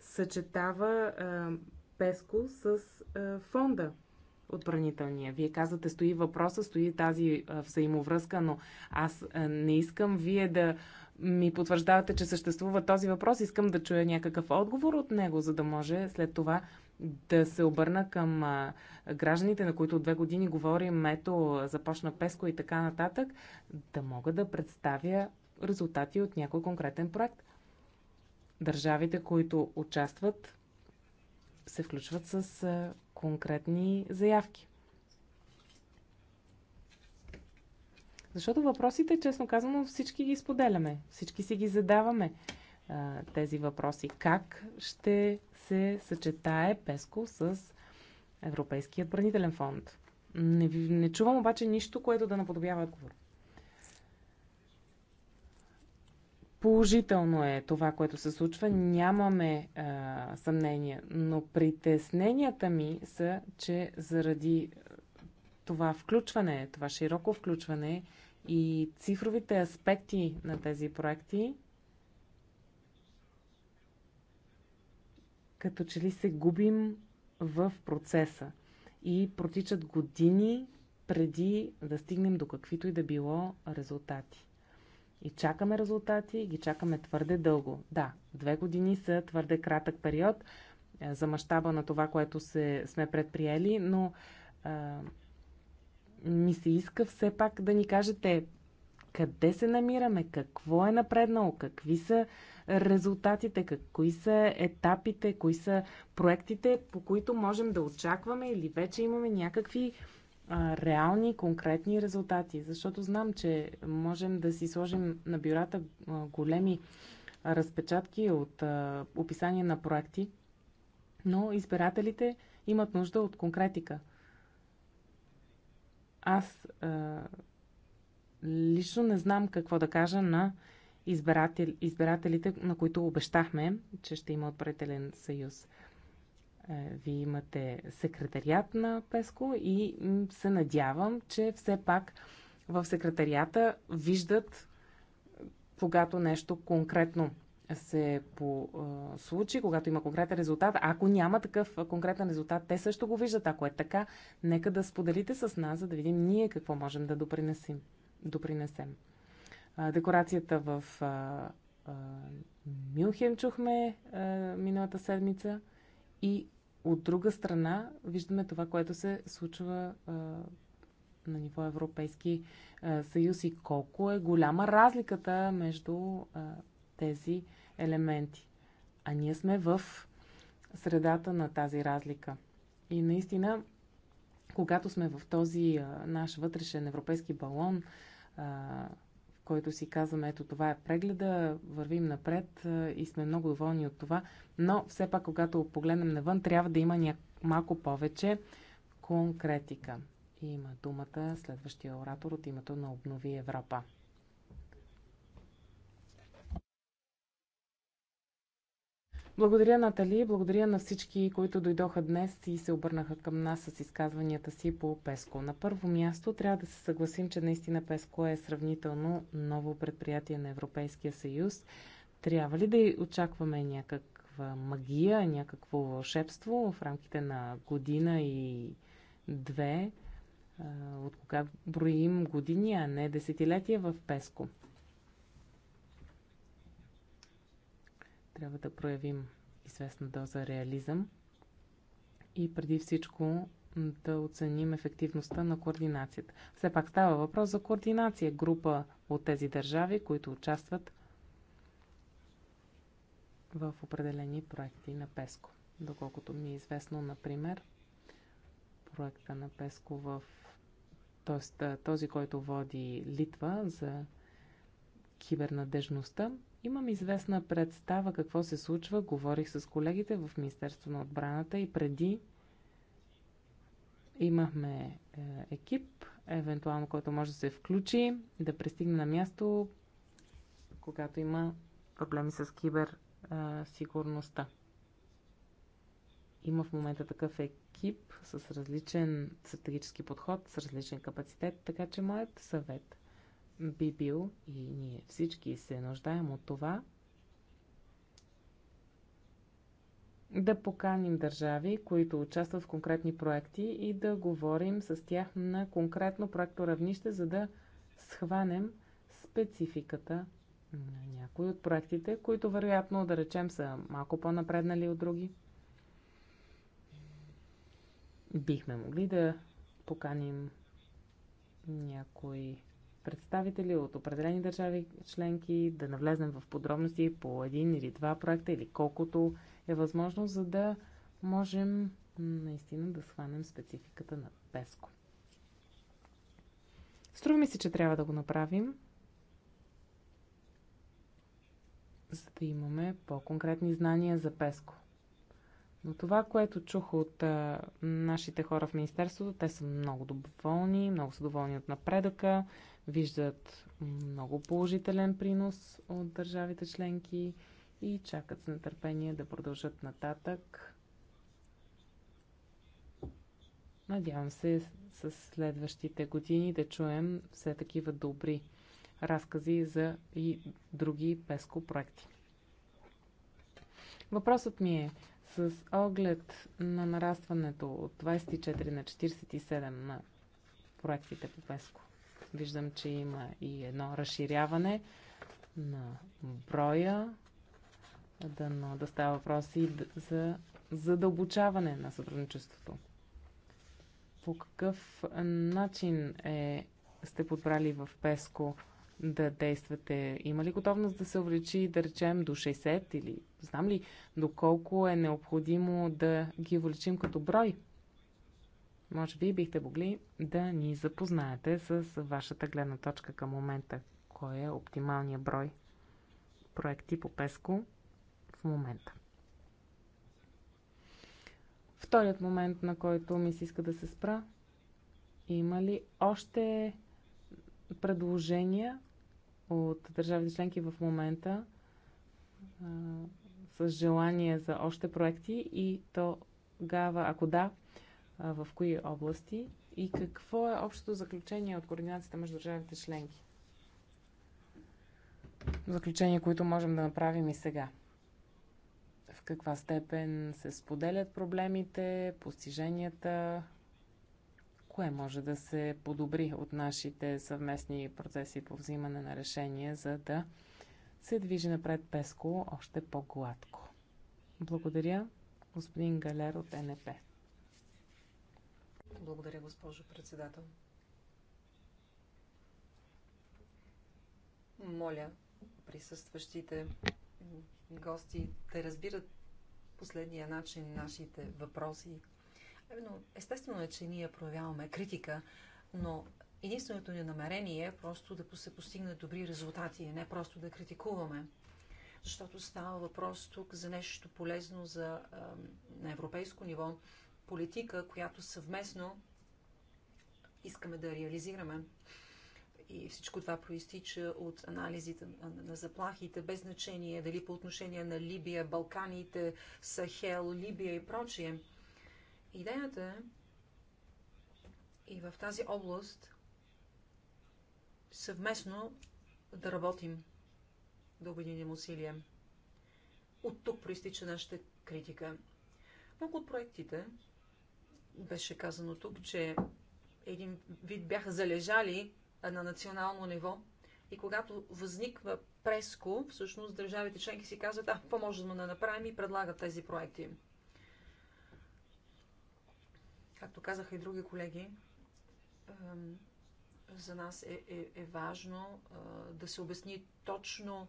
съчетава е, Песко с е, фонда? отбранителния. Вие казвате, стои въпроса, стои тази взаимовръзка, но аз не искам вие да ми потвърждавате, че съществува този въпрос. Искам да чуя някакъв отговор от него, за да може след това да се обърна към гражданите, на които от две години говорим, ето, започна Песко и така нататък, да мога да представя резултати от някой конкретен проект. Държавите, които участват, се включват с конкретни заявки. Защото въпросите, честно казано, всички ги споделяме. Всички си ги задаваме тези въпроси. Как ще се съчетае ПЕСКО с Европейския отбранителен фонд? Не, не чувам обаче нищо, което да наподобява отговор. Положително е това, което се случва, нямаме а, съмнение, но притесненията ми са, че заради това включване, това широко включване и цифровите аспекти на тези проекти, като че ли се губим в процеса и протичат години преди да стигнем до каквито и да било резултати и чакаме резултати, и ги чакаме твърде дълго. Да, две години са твърде кратък период е, за мащаба на това, което се, сме предприели, но а, е, ми се иска все пак да ни кажете къде се намираме, какво е напреднало, какви са резултатите, как, кои са етапите, кои са проектите, по които можем да очакваме или вече имаме някакви реални, конкретни резултати. Защото знам, че можем да си сложим на бюрата големи разпечатки от описание на проекти, но избирателите имат нужда от конкретика. Аз лично не знам какво да кажа на избирател, избирателите, на които обещахме, че ще има отпретелен съюз. Е, вие имате секретарият на Песко и се надявам, че все пак в секретарията виждат, когато нещо конкретно се по, случи, когато има конкретен резултат. Ако няма такъв конкретен резултат, те също го виждат. Ако е така, нека да споделите с нас, за да видим ние какво можем да допринесем. допринесем. декорацията в Мюнхен чухме миналата седмица и от друга страна, виждаме това, което се случва а, на ниво Европейски а, съюз и колко е голяма разликата между а, тези елементи. А ние сме в средата на тази разлика. И наистина, когато сме в този а, наш вътрешен европейски балон, а, който си казваме, ето това е прегледа, вървим напред и сме много доволни от това, но все пак, когато погледнем навън, трябва да има малко повече конкретика. И има думата следващия оратор от името на Обнови Европа. Благодаря, Натали. Благодаря на всички, които дойдоха днес и се обърнаха към нас с изказванията си по Песко. На първо място трябва да се съгласим, че наистина Песко е сравнително ново предприятие на Европейския съюз. Трябва ли да очакваме някаква магия, някакво вълшебство в рамките на година и две, от кога броим години, а не десетилетия в Песко? Трябва да проявим известна доза реализъм и преди всичко да оценим ефективността на координацията. Все пак става въпрос за координация. Група от тези държави, които участват в определени проекти на ПЕСКО. Доколкото ми е известно, например, проекта на ПЕСКО в т.е. този, който води Литва за кибернадежността, Имам известна представа какво се случва. Говорих с колегите в Министерство на отбраната и преди имахме е, екип, евентуално който може да се включи, да пристигне на място, когато има проблеми с киберсигурността. Е, има в момента такъв екип с различен стратегически подход, с различен капацитет, така че моят съвет би бил, и ние всички се нуждаем от това, да поканим държави, които участват в конкретни проекти и да говорим с тях на конкретно проекто равнище, за да схванем спецификата на някои от проектите, които вероятно, да речем, са малко по-напреднали от други. Бихме могли да поканим някои представители от определени държави членки, да навлезем в подробности по един или два проекта или колкото е възможно, за да можем наистина да схванем спецификата на ПЕСКО. Струва ми се, че трябва да го направим, за да имаме по-конкретни знания за ПЕСКО. Но това, което чух от а, нашите хора в Министерството, те са много доволни, много са доволни от напредъка, виждат много положителен принос от държавите членки и чакат с нетърпение да продължат нататък. Надявам се с следващите години да чуем все такива добри разкази за и други ПЕСКО проекти. Въпросът ми е, с оглед на нарастването от 24 на 47 на проектите по ПЕСКО, Виждам, че има и едно разширяване на броя, да, но да става въпрос и за задълбочаване на сътрудничеството. По какъв начин е, сте подбрали в ПЕСКО да действате? Има ли готовност да се увеличи, да речем, до 60 или знам ли, доколко е необходимо да ги увеличим като брой? Може би бихте могли да ни запознаете с вашата гледна точка към момента. Кой е оптималният брой проекти по ПЕСКО в момента? Вторият момент, на който ми се иска да се спра, има ли още предложения от държавите членки в момента а, с желание за още проекти и то тогава, ако да, в кои области и какво е общото заключение от координацията между държавите членки? Заключения, които можем да направим и сега. В каква степен се споделят проблемите, постиженията, кое може да се подобри от нашите съвместни процеси по взимане на решение, за да се движи напред Песко още по-гладко. Благодаря, господин Галер от НП. Благодаря, госпожо председател. Моля присъстващите гости да разбират последния начин нашите въпроси. Но естествено е, че ние проявяваме критика, но единственото ни намерение е просто да се постигнат добри резултати, не просто да критикуваме. Защото става въпрос тук за нещо полезно за, на европейско ниво, политика, която съвместно искаме да реализираме. И всичко това проистича от анализите на заплахите, без значение дали по отношение на Либия, Балканите, Сахел, Либия и прочие. Идеята е и в тази област съвместно да работим, да обединим усилия. От тук проистича нашата критика. Много от проектите, беше казано тук, че един вид бяха залежали на национално ниво и когато възниква преско, всъщност държавите членки си казват, а, какво можем да направим и предлагат тези проекти. Както казаха и други колеги, за нас е, е, е важно да се обясни точно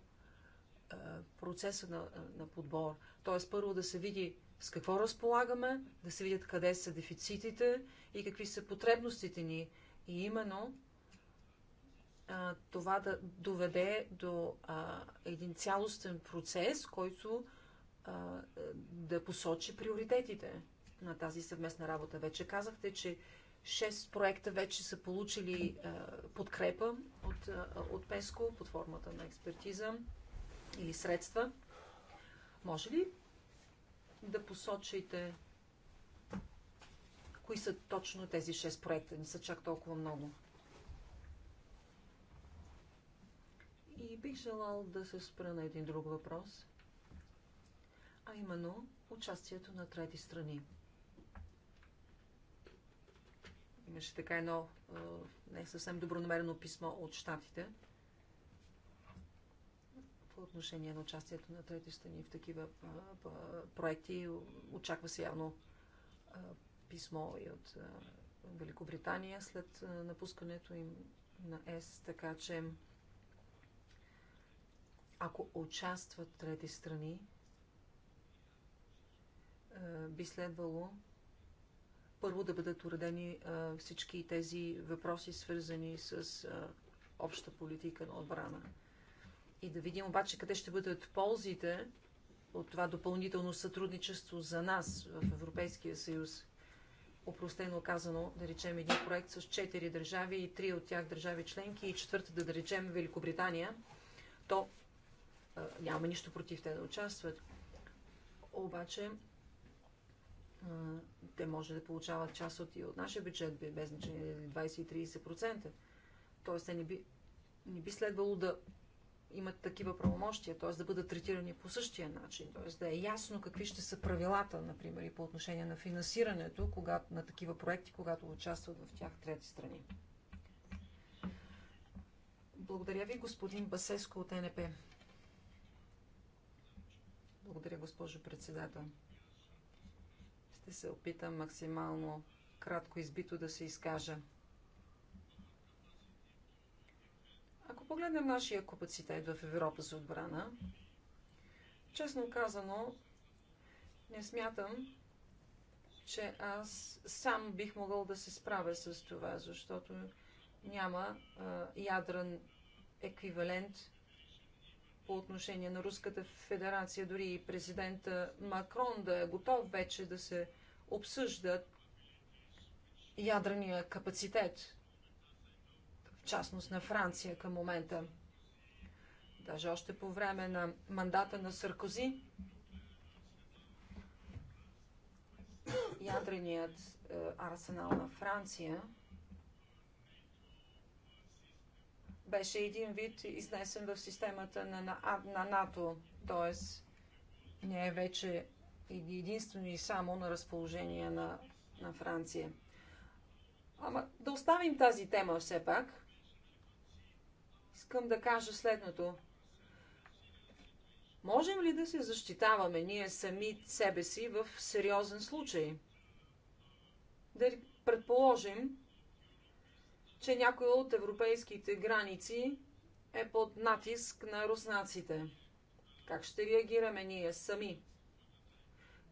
процеса на, на подбор. Тоест, първо да се види с какво разполагаме, да се видят къде са дефицитите и какви са потребностите ни. И именно а, това да доведе до а, един цялостен процес, който а, да посочи приоритетите на тази съвместна работа. Вече казахте, че 6 проекта вече са получили а, подкрепа от, а, от ПЕСКО под формата на експертиза или средства. Може ли да посочите кои са точно тези 6 проекта. Не са чак толкова много. И бих желал да се спра на един друг въпрос, а именно участието на трети страни. Имаше така едно не съвсем добронамерено писмо от щатите – по отношение на участието на трети страни в такива проекти. Очаква се явно писмо и от Великобритания след напускането им на ЕС, така че ако участват трети страни, би следвало първо да бъдат уредени всички тези въпроси, свързани с обща политика на отбрана и да видим обаче къде ще бъдат ползите от това допълнително сътрудничество за нас в Европейския съюз. Опростено казано, да речем един проект с 4 държави и 3 от тях държави членки и четвърта да речем Великобритания, то а, няма нищо против те да участват. Обаче а, те може да получават част от и от нашия бюджет, без значение 20-30%. Тоест те не би, не би следвало да имат такива правомощия, т.е. да бъдат третирани по същия начин, т.е. да е ясно какви ще са правилата, например, и по отношение на финансирането когато, на такива проекти, когато участват в тях трети страни. Благодаря ви, господин Басеско от НП. Благодаря, госпожо председател. Ще се опитам максимално кратко избито да се изкажа. погледнем нашия капацитет в Европа за отбрана, честно казано, не смятам, че аз сам бих могъл да се справя с това, защото няма а, ядрен еквивалент по отношение на Руската федерация. Дори и президента Макрон да е готов вече да се обсъждат ядрения капацитет в частност на Франция към момента. Даже още по време на мандата на Саркози, ядреният е, арсенал на Франция беше един вид изнесен в системата на, на, на НАТО, т.е. не е вече единствено и само на разположение на, на Франция. Ама да оставим тази тема все пак искам да кажа следното. Можем ли да се защитаваме ние сами себе си в сериозен случай? Да предположим, че някой от европейските граници е под натиск на руснаците. Как ще реагираме ние сами?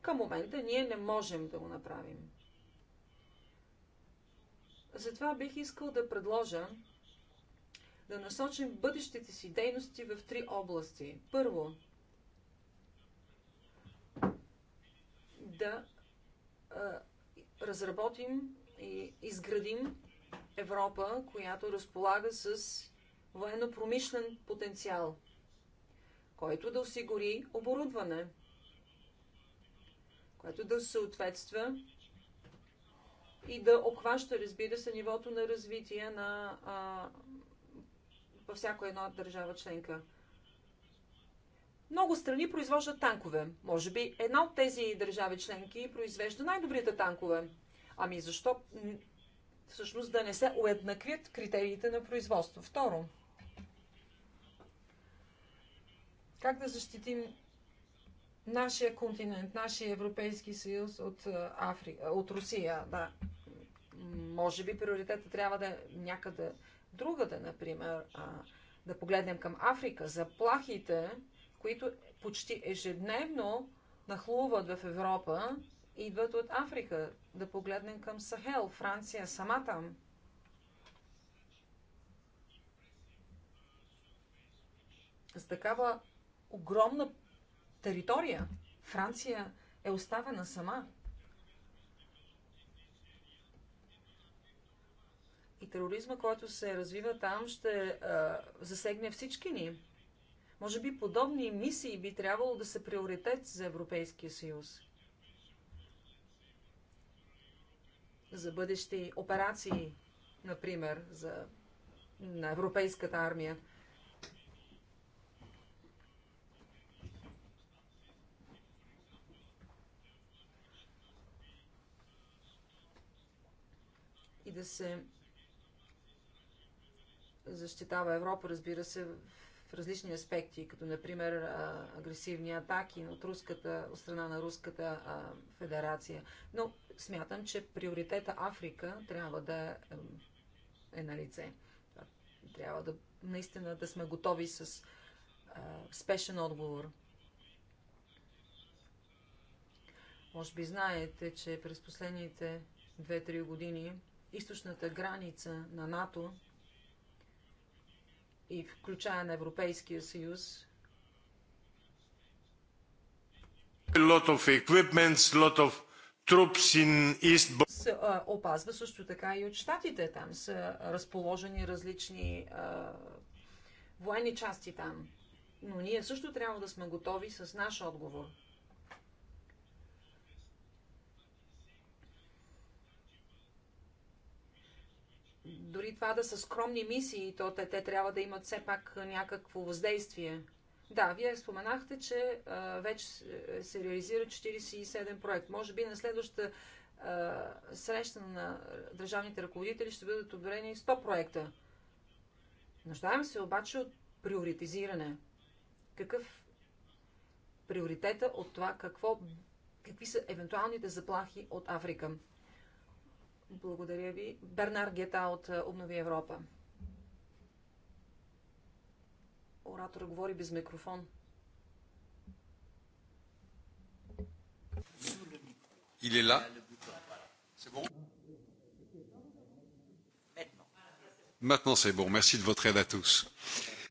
Към момента ние не можем да го направим. Затова бих искал да предложа да насочим бъдещите си дейности в три области. Първо, да а, разработим и изградим Европа, която разполага с военно-промишлен потенциал, който да осигури оборудване, което да съответства и да обхваща, разбира се, нивото на развитие на а, във всяко една държава членка. Много страни произвеждат танкове. Може би една от тези държави членки произвежда най-добрите танкове. Ами защо всъщност да не се уеднаквят критериите на производство? Второ, как да защитим нашия континент, нашия Европейски съюз от, Афри... от Русия? Да. Може би приоритета трябва да е някъде Другата, например, а, да погледнем към Африка, заплахите, които почти ежедневно нахлуват в Европа, идват от Африка. Да погледнем към Сахел, Франция, сама там. С такава огромна територия Франция е оставена сама. и тероризма, който се развива там, ще а, засегне всички ни. Може би подобни мисии би трябвало да са приоритет за Европейския съюз. За бъдещи операции, например, за, на Европейската армия. и да се защитава Европа, разбира се, в различни аспекти, като например агресивни атаки от руската, от страна на Руската федерация. Но смятам, че приоритета Африка трябва да е, е на лице. Трябва да наистина да сме готови с спешен отговор. Може би знаете, че през последните 2-3 години източната граница на НАТО и включая на Европейския съюз. Се опазва също така и от щатите. Там са разположени различни а, военни части там. Но ние също трябва да сме готови с наш отговор. дори това да са скромни мисии, то те, те трябва да имат все пак някакво въздействие. Да, вие споменахте, че а, вече е, се реализира 47 проект. Може би на следващата а, среща на държавните ръководители ще бъдат одобрени 100 проекта. Нуждаем се обаче от приоритизиране. Какъв приоритета от това какво, какви са евентуалните заплахи от Африка? Благодаря ви. Бернар Гета от е, Обнови Европа. Оратора говори без микрофон. Il est là. C'est bon Maintenant c'est bon. Merci de votre aide à tous.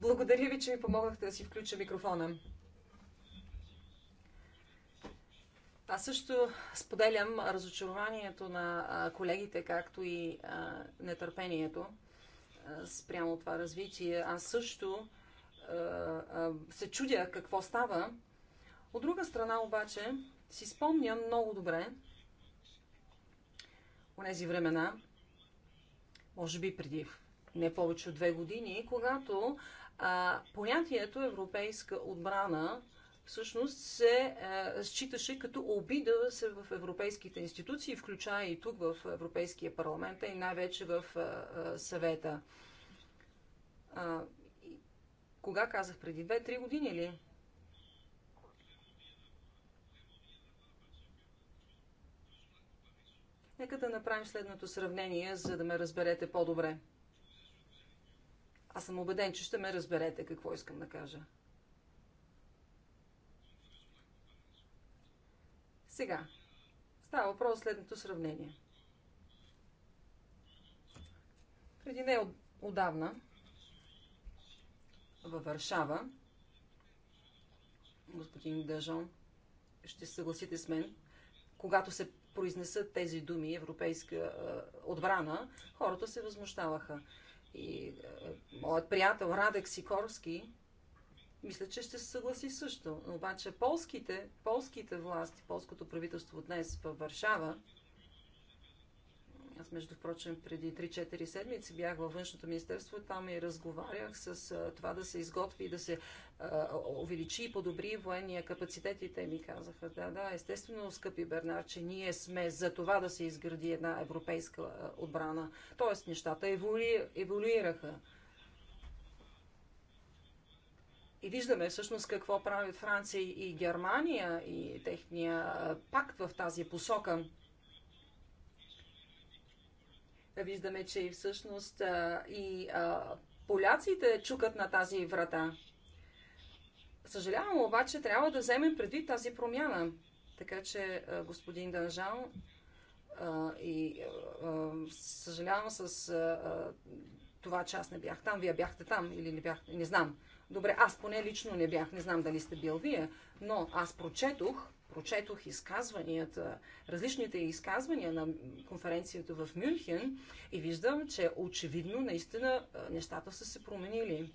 Благодаря ви, че ми помогнахте да си включа микрофона. Аз също споделям разочарованието на колегите, както и нетърпението спрямо това развитие. Аз също се чудя какво става. От друга страна обаче си спомням много добре онези времена, може би преди не повече от две години, когато а, понятието европейска отбрана всъщност се считаше като обида се в европейските институции, включая и тук в Европейския парламент, и най-вече в съвета. А, кога казах преди 2-3 години ли? Нека да направим следното сравнение, за да ме разберете по-добре. Аз съм убеден, че ще ме разберете какво искам да кажа. Сега, става въпрос следното сравнение. Преди не отдавна във Варшава господин Дажон, ще съгласите с мен, когато се произнесат тези думи европейска е, отбрана, хората се възмущаваха. И е, моят приятел Радек Сикорски мисля, че ще се съгласи също. Обаче полските, полските власти, полското правителство днес във Варшава, аз, между прочим, преди 3-4 седмици бях във външното министерство и там и разговарях с това да се изготви и да се увеличи и подобри военния капацитет. И те ми казаха, да, да, естествено, скъпи Бернар, че ние сме за това да се изгради една европейска отбрана. Тоест, нещата еволюираха. И виждаме всъщност какво правят Франция и Германия и техния пакт в тази посока. Виждаме, че всъщност и поляците чукат на тази врата. Съжалявам, обаче трябва да вземем предвид тази промяна. Така че, господин Данжан, и съжалявам с това, че аз не бях там. Вие бяхте там или не бяхте, не знам. Добре, аз поне лично не бях, не знам дали сте бил вие, но аз прочетох, прочетох изказванията, различните изказвания на конференцията в Мюнхен и виждам, че очевидно наистина нещата са се променили.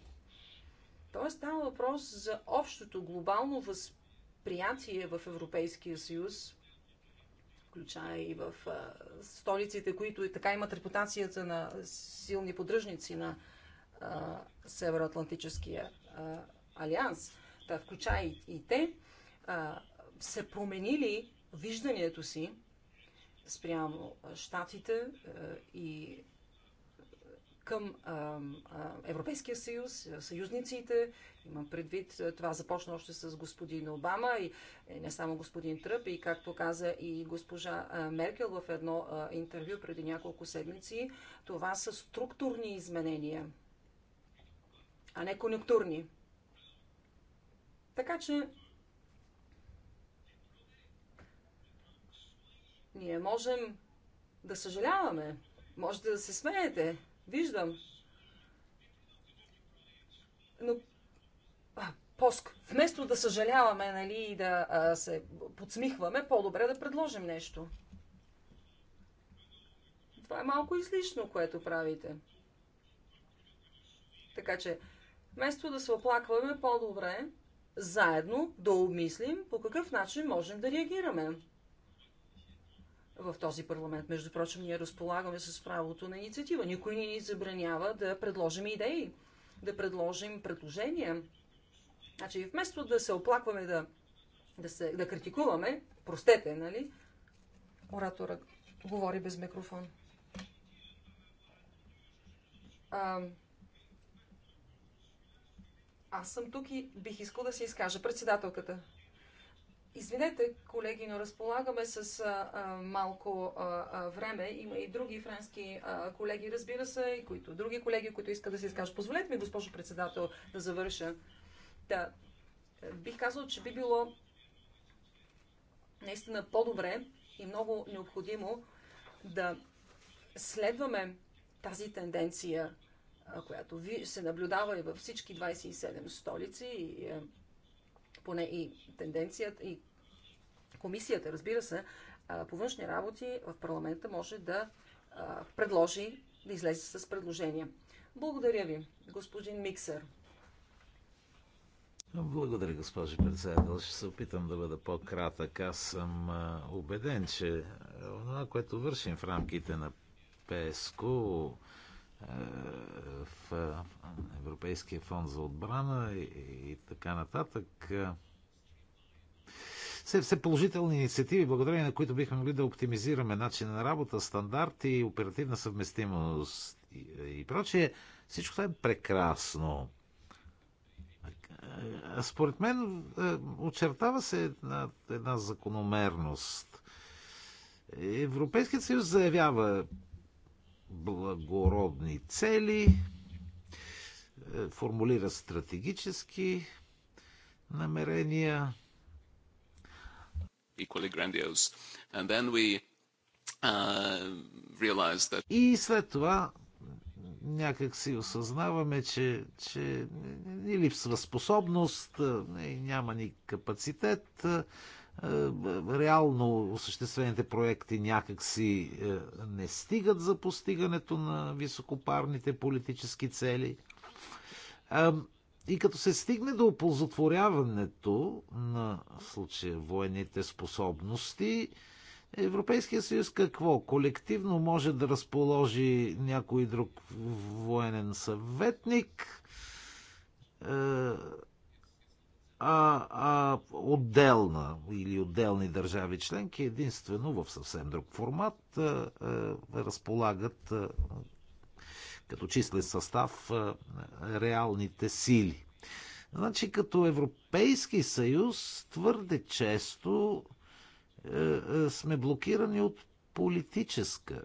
Тоест става въпрос за общото глобално възприятие в Европейския съюз, включая и в столиците, които и така имат репутацията на силни поддръжници на Североатлантическия алианс, да включая и, и те, а, са променили виждането си спрямо щатите и към а, Европейския съюз, съюзниците. Имам предвид, това започна още с господин Обама и е, не само господин Тръп, и както каза и госпожа Меркел в едно интервю преди няколко седмици, това са структурни изменения – а не конюнктурни. Така че ние можем да съжаляваме, можете да се смеете, виждам. Но Поск, вместо да съжаляваме нали, и да а, се подсмихваме, по-добре да предложим нещо. Това е малко излишно, което правите. Така че Вместо да се оплакваме по-добре, заедно да обмислим по какъв начин можем да реагираме. В този парламент, между прочим, ние разполагаме с правото на инициатива. Никой не ни забранява да предложим идеи, да предложим предложения. Значи, вместо да се оплакваме да, да, се, да критикуваме, простете, нали? Оратора говори без микрофон. А, аз съм тук и бих искал да се изкажа председателката. Извинете, колеги, но разполагаме с а, а, малко а, а, време. Има и други френски а, колеги, разбира се, и които, други колеги, които искат да се изкажат. Позволете ми, госпожо председател, да завърша. Да, е, бих казал, че би било наистина по-добре и много необходимо да следваме тази тенденция която ви се наблюдава и във всички 27 столици, и, е, поне и тенденцията, и комисията, разбира се, по външни работи в парламента може да предложи, да излезе с предложения. Благодаря ви, господин Миксер. Благодаря, госпожи председател. Ще се опитам да бъда по-кратък. Аз съм убеден, че това, което вършим в рамките на ПСКО, е, в е, Европейския фонд за отбрана и така нататък. Е, все, все положителни инициативи, благодарение на които бихме могли да оптимизираме начин на работа, стандарти, оперативна съвместимост и, и прочее. Всичко това е прекрасно. Според мен очертава се една, една закономерност. Европейският съюз заявява благородни цели, е, формулира стратегически намерения. Equally grandiose. And then we uh, realized that... И след това някак си осъзнаваме, че, че ни липсва способност, е, няма ни капацитет, е, е, реално осъществените проекти някакси е, не стигат за постигането на високопарните политически цели. Е, и като се стигне до оползотворяването на в случая военните способности, Европейския съюз какво? Колективно може да разположи някой друг военен съветник, а, а отделна или отделни държави членки единствено в съвсем друг формат а, а, разполагат а, като числен състав а, реалните сили. Значи като Европейски съюз твърде често а, е, а, е, сме блокирани от политическа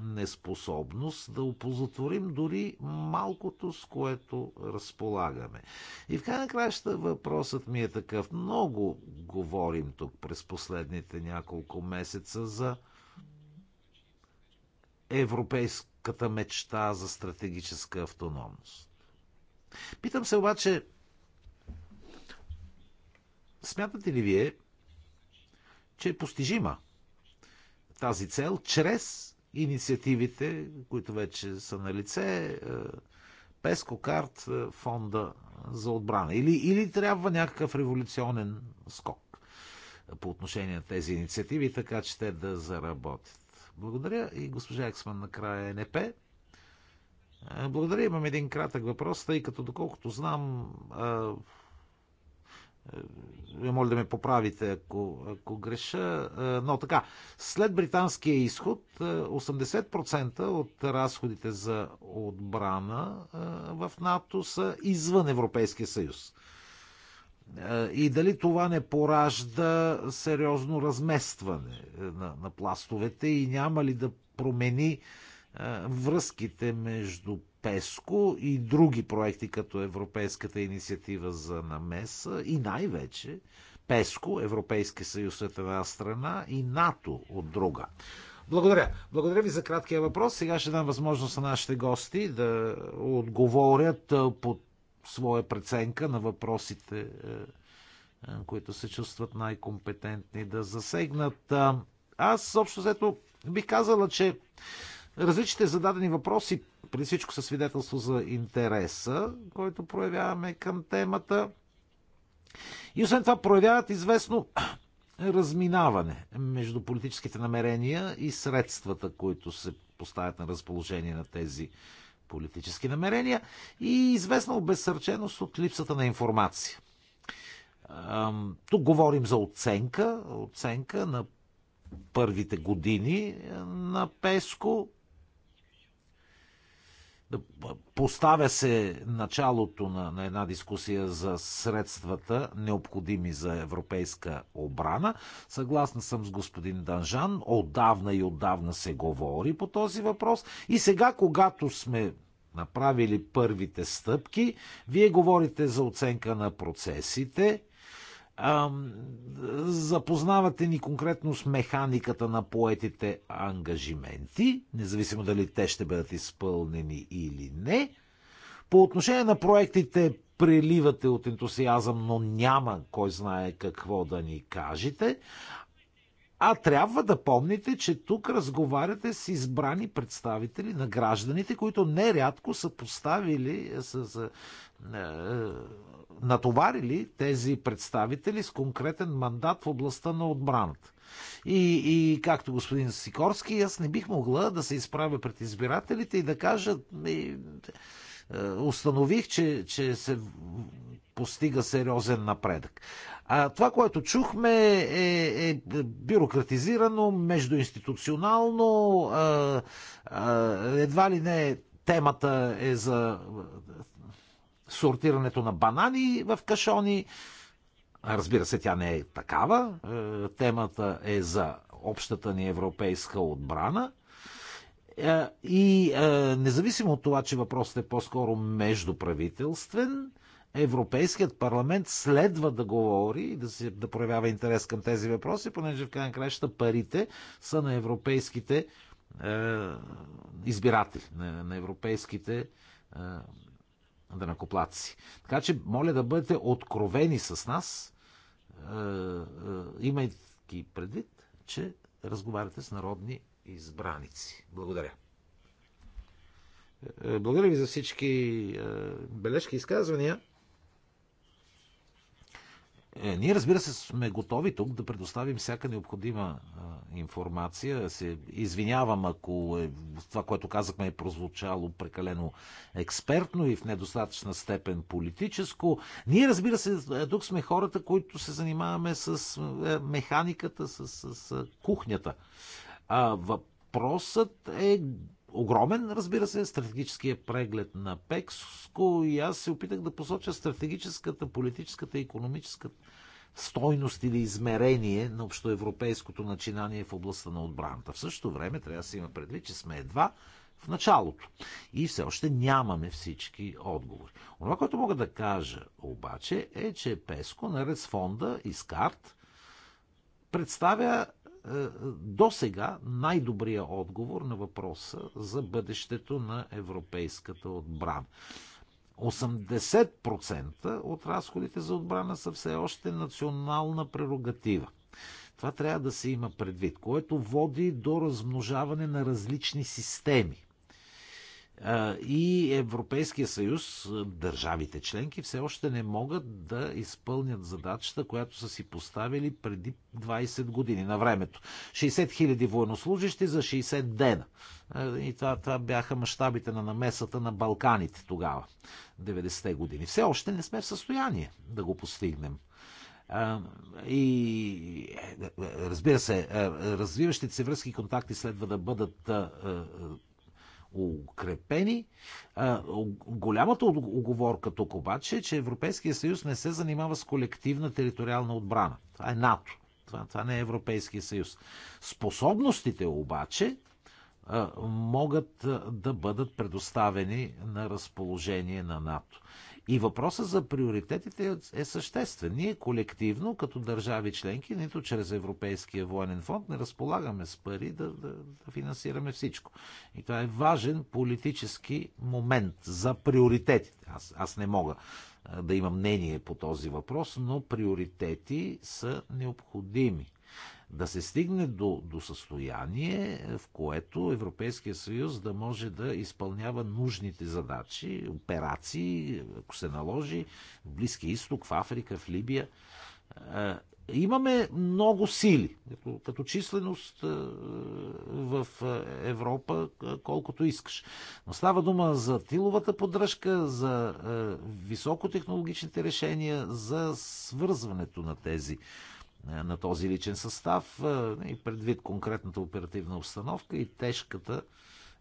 неспособност да опозотворим дори малкото, с което разполагаме. И в крайна краща въпросът ми е такъв. Много говорим тук през последните няколко месеца за европейската мечта за стратегическа автономност. Питам се обаче, смятате ли вие, че е постижима тази цел чрез инициативите, които вече са на лице, е, Песко Карт, е, фонда за отбрана. Или, или трябва някакъв революционен скок е, по отношение на тези инициативи, така че те да заработят. Благодаря и госпожа Ексман накрая НП. Благодаря, имам един кратък въпрос, тъй като доколкото знам вие е, моля да ме поправите, ако, ако греша. Е, но така, след британския изход, 80% е, от разходите за отбрана в НАТО са извън Европейския съюз. И дали това не поражда сериозно разместване на, на пластовете и няма ли да промени връзките между ПЕСКО и други проекти като Европейската инициатива за намеса и най-вече ПЕСКО, Европейски съюз от една страна и НАТО от друга. Благодаря. Благодаря ви за краткия въпрос. Сега ще дам възможност на нашите гости да отговорят по своя преценка на въпросите, които се чувстват най-компетентни да засегнат. Аз, общо взето, бих казала, че различните зададени въпроси преди всичко със свидетелство за интереса, който проявяваме към темата. И освен това проявяват известно разминаване между политическите намерения и средствата, които се поставят на разположение на тези политически намерения и известна обезсърченост от липсата на информация. Тук говорим за оценка, оценка на първите години на Песко, Поставя се началото на, на една дискусия за средствата, необходими за европейска обрана. Съгласна съм с господин Данжан. Отдавна и отдавна се говори по този въпрос. И сега, когато сме направили първите стъпки, вие говорите за оценка на процесите, запознавате ни конкретно с механиката на поетите ангажименти, независимо дали те ще бъдат изпълнени или не. По отношение на проектите преливате от ентусиазъм, но няма кой знае какво да ни кажете. А трябва да помните, че тук разговаряте с избрани представители на гражданите, които нерядко са поставили, е, са, са е, натоварили тези представители с конкретен мандат в областта на отбраната. И, и както господин Сикорски, аз не бих могла да се изправя пред избирателите и да кажа. Е, установих, че, че се постига сериозен напредък. А това, което чухме, е, е бюрократизирано, междуинституционално, а, а, едва ли не темата е за сортирането на банани в кашони. Разбира се, тя не е такава. Е, темата е за общата ни европейска отбрана. Е, и е, независимо от това, че въпросът е по-скоро междуправителствен, Европейският парламент следва да говори и да, да проявява интерес към тези въпроси, понеже в крайна краща парите са на европейските е, избиратели, на, на европейските е, дънакоплаци. Така че, моля да бъдете откровени с нас, е, е, имайки предвид, че разговаряте с народни избраници. Благодаря. Е, благодаря ви за всички е, бележки и изказвания. Е, ние, разбира се, сме готови тук да предоставим всяка необходима а, информация. Се извинявам, ако е, това, което казахме, е прозвучало прекалено експертно и в недостатъчна степен политическо. Ние, разбира се, е, тук сме хората, които се занимаваме с е, механиката, с, с, с кухнята. А, въпросът е огромен, разбира се, стратегическия преглед на ПЕКСКО и аз се опитах да посоча стратегическата, политическата и економическата стойност или измерение на общоевропейското начинание в областта на отбраната. В същото време трябва да се има предвид, че сме едва в началото. И все още нямаме всички отговори. Това, което мога да кажа обаче е, че Песко наред с фонда и с карт представя до сега най-добрия отговор на въпроса за бъдещето на европейската отбрана. 80% от разходите за отбрана са все още национална прерогатива. Това трябва да се има предвид, което води до размножаване на различни системи и Европейския съюз, държавите членки все още не могат да изпълнят задачата, която са си поставили преди 20 години на времето. 60 хиляди военнослужащи за 60 дена. И това, това бяха мащабите на намесата на Балканите тогава, 90-те години. Все още не сме в състояние да го постигнем. И е, е, разбира се, е, развиващите се връзки и контакти следва да бъдат укрепени. Голямата оговорка тук обаче е, че Европейския съюз не се занимава с колективна териториална отбрана. Това е НАТО. Това, това не е Европейския съюз. Способностите обаче могат да бъдат предоставени на разположение на НАТО. И въпроса за приоритетите е съществен. Ние колективно, като държави членки, нито чрез Европейския военен фонд, не разполагаме с пари да, да, да финансираме всичко. И това е важен политически момент за приоритетите. Аз, аз не мога да имам мнение по този въпрос, но приоритети са необходими да се стигне до, до състояние, в което Европейския съюз да може да изпълнява нужните задачи, операции, ако се наложи, в Близки изток, в Африка, в Либия. Имаме много сили, като, като численост в Европа, колкото искаш. Но става дума за тиловата поддръжка, за високотехнологичните решения, за свързването на тези е, на този личен състав е, и предвид конкретната оперативна обстановка и тежката,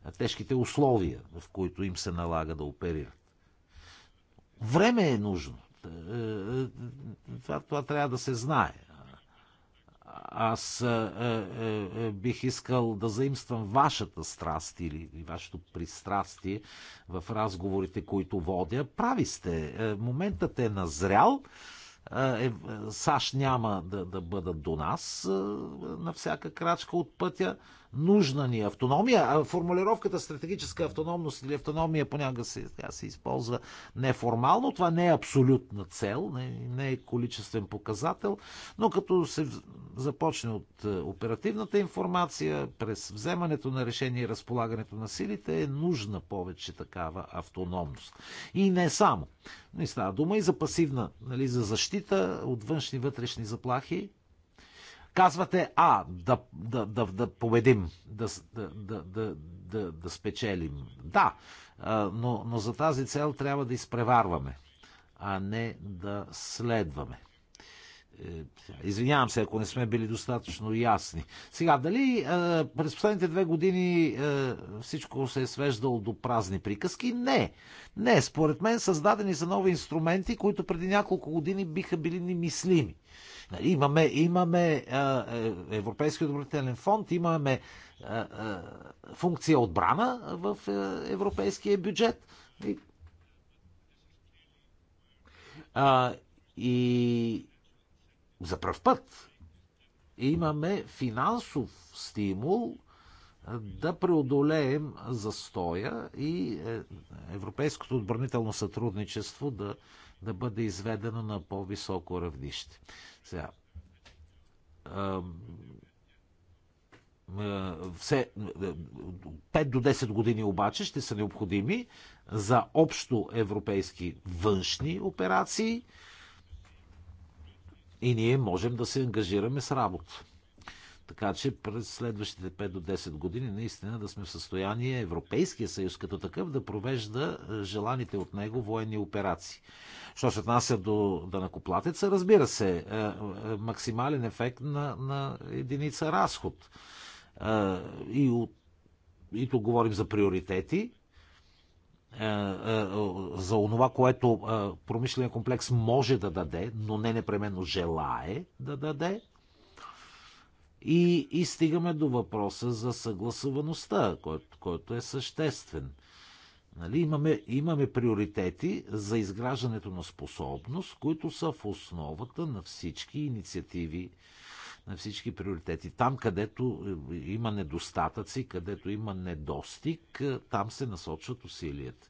е, тежките условия, в които им се налага да оперират. Време е нужно. Това, това трябва да се знае. Аз е, е, е, бих искал да заимствам вашата страст или, или вашето пристрастие в разговорите, които водя. Прави сте. Моментът е назрял. Е, е, САЩ няма да, да бъдат до нас на всяка крачка от пътя нужна ни автономия. Формулировката стратегическа автономност или автономия понякога се, тя се използва неформално. Това не е абсолютна цел, не, не е количествен показател, но като се започне от е, оперативната информация, през вземането на решение и разполагането на силите е нужна повече такава автономност. И не само. Не става дума и за пасивна, нали, за защита от външни вътрешни заплахи, Казвате, а, да, да, да, да победим, да, да, да, да, да спечелим. Да, но, но за тази цел трябва да изпреварваме, а не да следваме. Е, извинявам се, ако не сме били достатъчно ясни. Сега, дали е, през последните две години е, всичко се е свеждало до празни приказки? Не. Не, според мен създадени са нови инструменти, които преди няколко години биха били немислими. Нали, имаме, имаме е, Европейски отбранителен фонд, имаме функция отбрана в европейския бюджет. И за първ път имаме финансов стимул да преодолеем застоя и е, европейското отбранително сътрудничество да да бъде изведено на по-високо равнище. Сега, все, 5 до 10 години обаче ще са необходими за общо европейски външни операции и ние можем да се ангажираме с работа. Така че през следващите 5 до 10 години наистина да сме в състояние Европейския съюз като такъв да провежда е, желаните от него военни операции. Що се отнася до данакоплатеца, разбира се, е, е, максимален ефект на, на единица разход. И, от, и тук говорим за приоритети, за онова, което промишленият комплекс може да даде, но не непременно желае да даде – и, и стигаме до въпроса за съгласуваността, който, който е съществен. Нали, имаме, имаме приоритети за изграждането на способност, които са в основата на всички инициативи на всички приоритети. Там, където има недостатъци, където има недостиг, е, там се насочват усилията.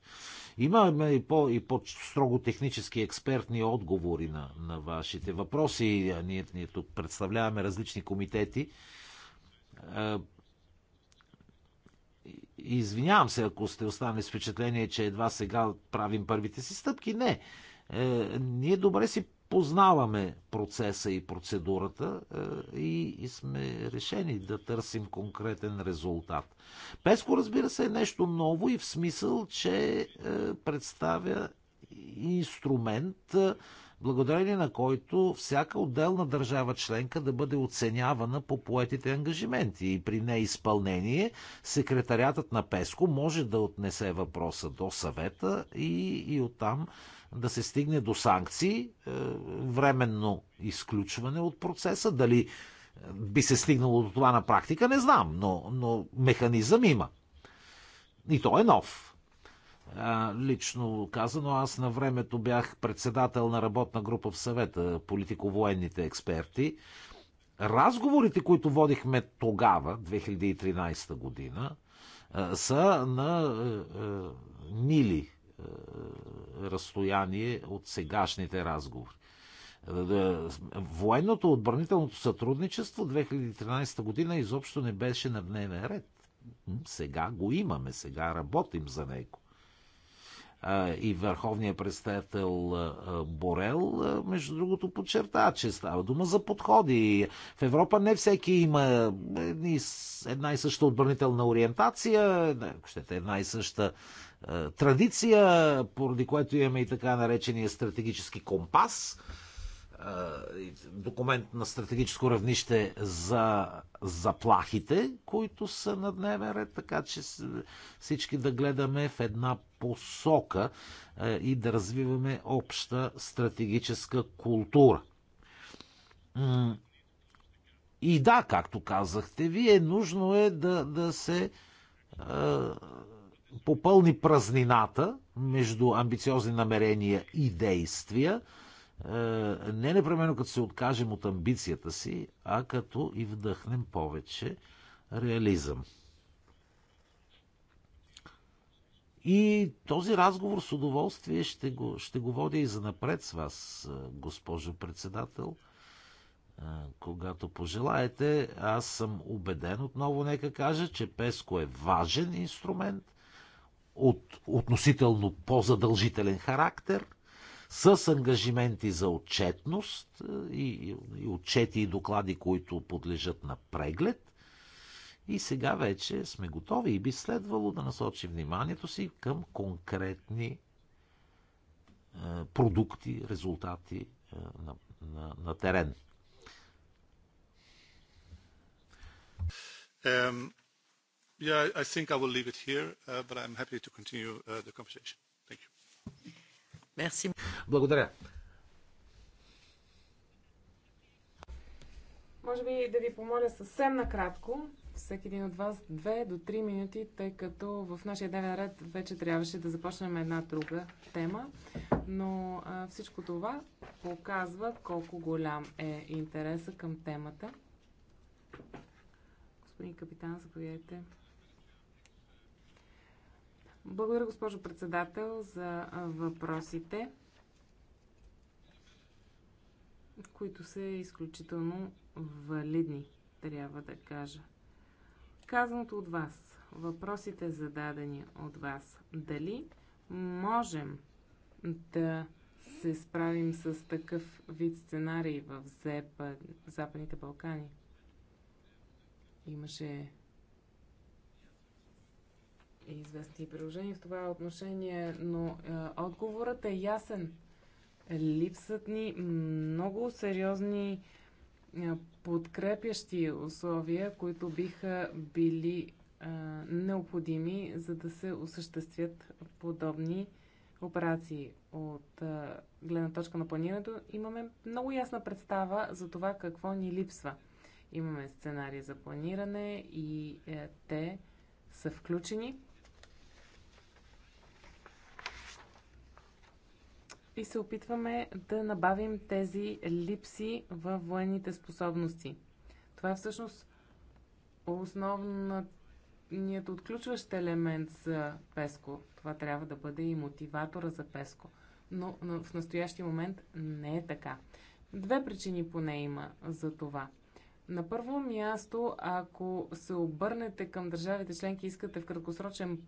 Имаме и, по, и по-строго технически експертни отговори на, на вашите въпроси. Ние, ние тук представляваме различни комитети. Е, извинявам се, ако сте останали с впечатление, че едва сега правим първите си стъпки. Не. Е, ние добре си познаваме процеса и процедурата е, и, сме решени да търсим конкретен резултат. Песко, разбира се, е нещо ново и в смисъл, че е, представя инструмент, е, благодарение на който всяка отделна държава членка да бъде оценявана по поетите ангажименти. И при неизпълнение секретариатът на ПЕСКО може да отнесе въпроса до съвета и, и оттам да се стигне до санкции, е, временно изключване от процеса. Дали е, би се стигнало до това на практика, не знам, но, но механизъм има. И то е нов. Е, лично казано, аз на времето бях председател на работна група в съвета, политико-военните експерти. Разговорите, които водихме тогава, 2013 година, са на мили е, разстояние от сегашните разговори. Е, военното отбранителното сътрудничество 2013 година изобщо не беше на дневен ред. Сега го имаме, сега работим за него. Е, и върховният представител Борел, между другото, подчерта, че става дума за подходи. В Европа не всеки има една и съща отбранителна ориентация, една и съща е, традиция, поради което имаме и така наречения стратегически компас, е, документ на стратегическо равнище за заплахите, които са на дневен ред, така че всички да гледаме в една посока е, и да развиваме обща стратегическа култура. И да, както казахте, вие нужно е да, да се попълни празнината между амбициозни намерения и действия, е, не непременно като се откажем от амбицията си, а като и вдъхнем повече реализъм. И този разговор с удоволствие ще го, ще го водя и занапред с вас, е, госпожо председател. Е, когато пожелаете, аз съм убеден отново, нека кажа, че Песко е важен инструмент от относително по-задължителен характер, с ангажименти за отчетност е, и, и отчети и доклади, които подлежат на преглед. И сега вече сме готови и би следвало да насочи вниманието си към конкретни е, продукти, резултати е, на, на, на терен. Yeah, I think I will leave it here, uh, but I'm happy to continue uh, the conversation. Thank you. Merci. Благодаря. Може би да ви помоля съвсем накратко, всеки един от вас две до три минути, тъй като в нашия дневен ред вече трябваше да започнем една друга тема. Но а, всичко това показва колко голям е интереса към темата. Господин капитан, заповядайте. Благодаря, госпожо председател, за въпросите, които са изключително валидни, трябва да кажа. Казаното от вас, въпросите зададени от вас, дали можем да се справим с такъв вид сценарий в Западните Балкани? Имаше е известни приложения в това отношение, но е, отговорът е ясен. Липсват ни много сериозни е, подкрепящи условия, които биха били е, необходими, за да се осъществят подобни операции. От е, гледна точка на планирането имаме много ясна представа за това какво ни липсва. Имаме сценарии за планиране и е, те са включени и се опитваме да набавим тези липси във военните способности. Това е всъщност основният отключващ елемент за Песко. Това трябва да бъде и мотиватора за Песко. Но в настоящия момент не е така. Две причини поне има за това. На първо място, ако се обърнете към държавите членки и искате в краткосрочен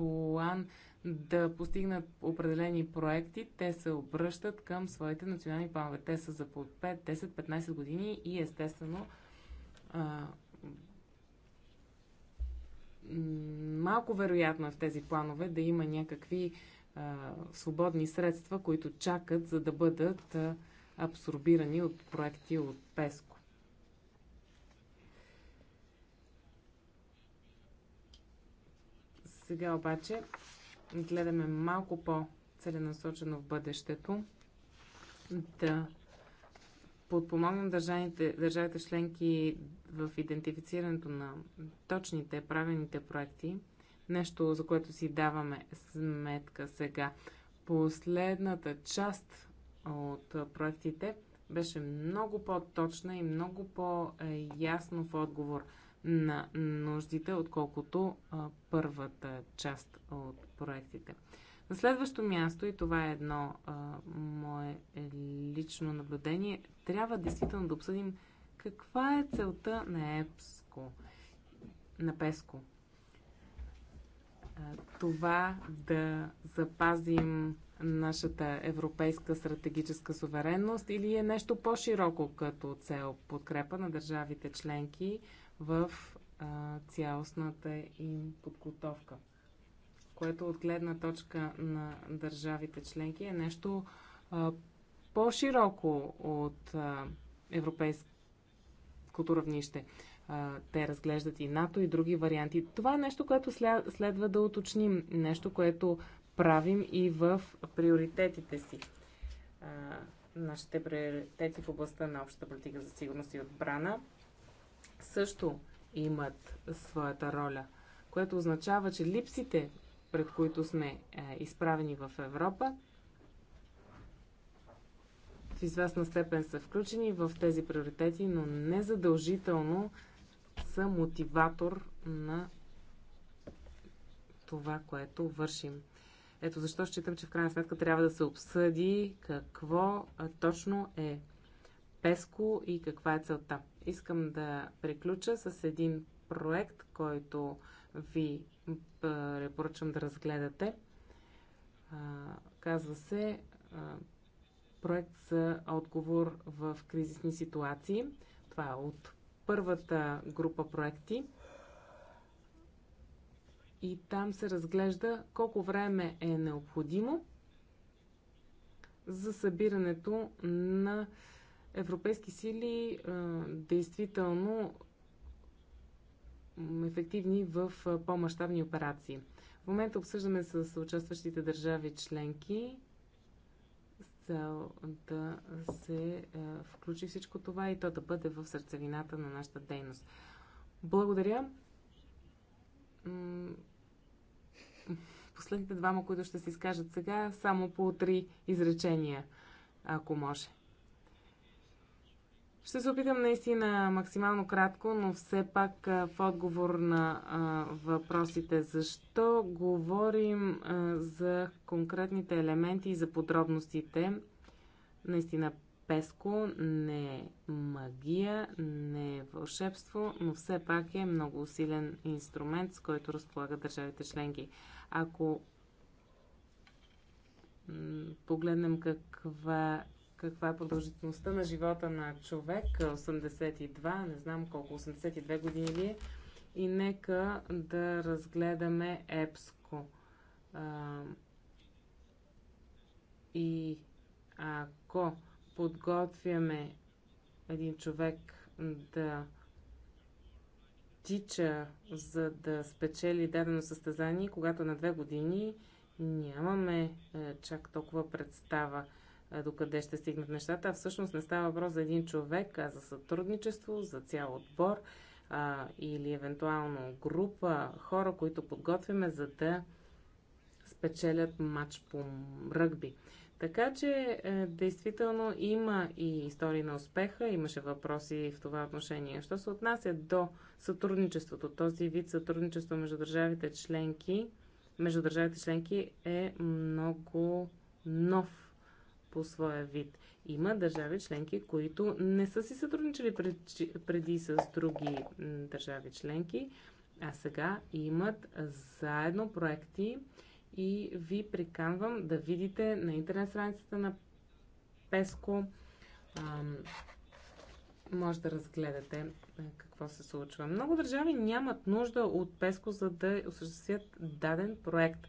план да постигнат определени проекти, те се обръщат към своите национални планове. Те са за под 5, 10, 15 години и естествено а, малко вероятно е в тези планове да има някакви а, свободни средства, които чакат за да бъдат а, абсорбирани от проекти от ПЕСКО. Сега обаче гледаме малко по-целенасочено в бъдещето да подпомогнем държавите, държавите членки в идентифицирането на точните, правените проекти, нещо за което си даваме сметка сега. Последната част от проектите беше много по-точна и много по-ясно е, в отговор – на нуждите, отколкото а, първата част от проектите. На следващо място, и това е едно а, мое лично наблюдение, трябва действително да обсъдим каква е целта на ЕПСКО, на ПЕСКО. А, това да запазим нашата европейска стратегическа суверенност или е нещо по-широко като цел подкрепа на държавите членки, в а, цялостната им подготовка, което от гледна точка на държавите членки е нещо по-широко от а, европейското равнище. А, те разглеждат и НАТО и други варианти. Това е нещо, което следва да уточним, нещо, което правим и в приоритетите си. А, нашите приоритети в областта на общата политика за сигурност и отбрана също имат своята роля, което означава, че липсите, пред които сме е, изправени в Европа, в известна степен са включени в тези приоритети, но не задължително са мотиватор на това, което вършим. Ето защо считам, че в крайна сметка трябва да се обсъди какво точно е ПЕСКО и каква е целта искам да приключа с един проект, който ви препоръчвам да разгледате. казва се проект за отговор в кризисни ситуации. Това е от първата група проекти. И там се разглежда колко време е необходимо за събирането на европейски сили а, действително ефективни в по-масштабни операции. В момента обсъждаме с участващите държави членки с цел да се а, включи всичко това и то да бъде в сърцевината на нашата дейност. Благодаря. Последните двама, които ще се изкажат сега, само по три изречения, ако може. Ще се опитам наистина максимално кратко, но все пак в отговор на а, въпросите защо говорим а, за конкретните елементи и за подробностите. Наистина песко не е магия, не е вълшебство, но все пак е много усилен инструмент, с който разполага държавите членки. Ако погледнем каква каква е продължителността на живота на човек. 82, не знам колко, 82 години ли е. И нека да разгледаме епско. А, и ако подготвяме един човек да тича, за да спечели дадено състезание, когато на две години нямаме е, чак толкова представа докъде ще стигнат нещата. А всъщност не става въпрос за един човек, а за сътрудничество, за цял отбор а, или евентуално група хора, които подготвяме, за да спечелят матч по ръгби. Така че, е, действително, има и истории на успеха, имаше въпроси в това отношение. Що се отнася до сътрудничеството, този вид сътрудничество между държавите членки, между държавите членки е много нов по своя вид. Има държави членки, които не са си сътрудничали преди с други държави членки, а сега имат заедно проекти и ви приканвам да видите на интернет страницата на Песко. може да разгледате е, какво се случва. Много държави нямат нужда от Песко, за да осъществят даден проект.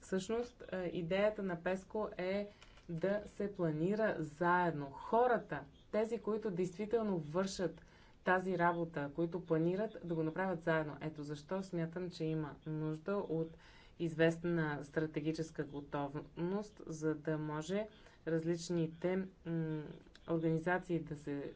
Всъщност, е, идеята на Песко е да се планира заедно. Хората, тези, които действително вършат тази работа, които планират да го направят заедно. Ето защо смятам, че има нужда от известна стратегическа готовност, за да може различните организации да се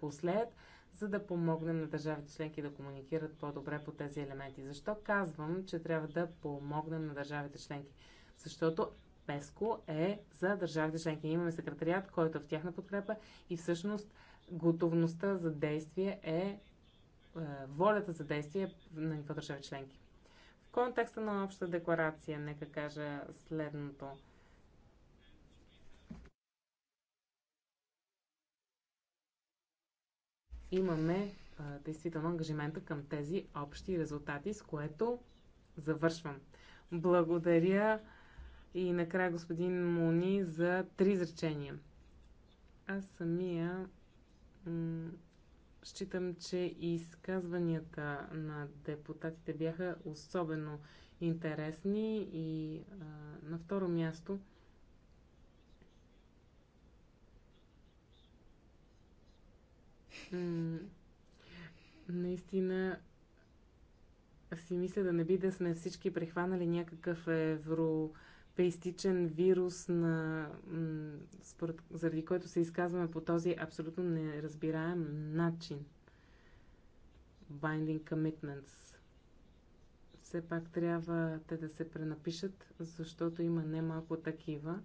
послеят, за да помогнем на държавите членки да комуникират по-добре по тези елементи. Защо казвам, че трябва да помогнем на държавите членки? Защото ПЕСКО е за държавите членки. Имаме секретариат, който е в тяхна подкрепа и всъщност готовността за действие е, е волята за действие на ниво държави членки. В контекста на обща декларация, нека кажа следното. Имаме е, действително ангажимента към тези общи резултати, с което завършвам. Благодаря и накрая господин Муни за три изречения. Аз самия считам, че изказванията на депутатите бяха особено интересни и а, на второ място наистина си мисля да не би да сме всички прихванали някакъв евро пеистичен вирус, на, според, заради който се изказваме по този абсолютно неразбираем начин. Binding commitments. Все пак трябва те да се пренапишат, защото има немалко такива.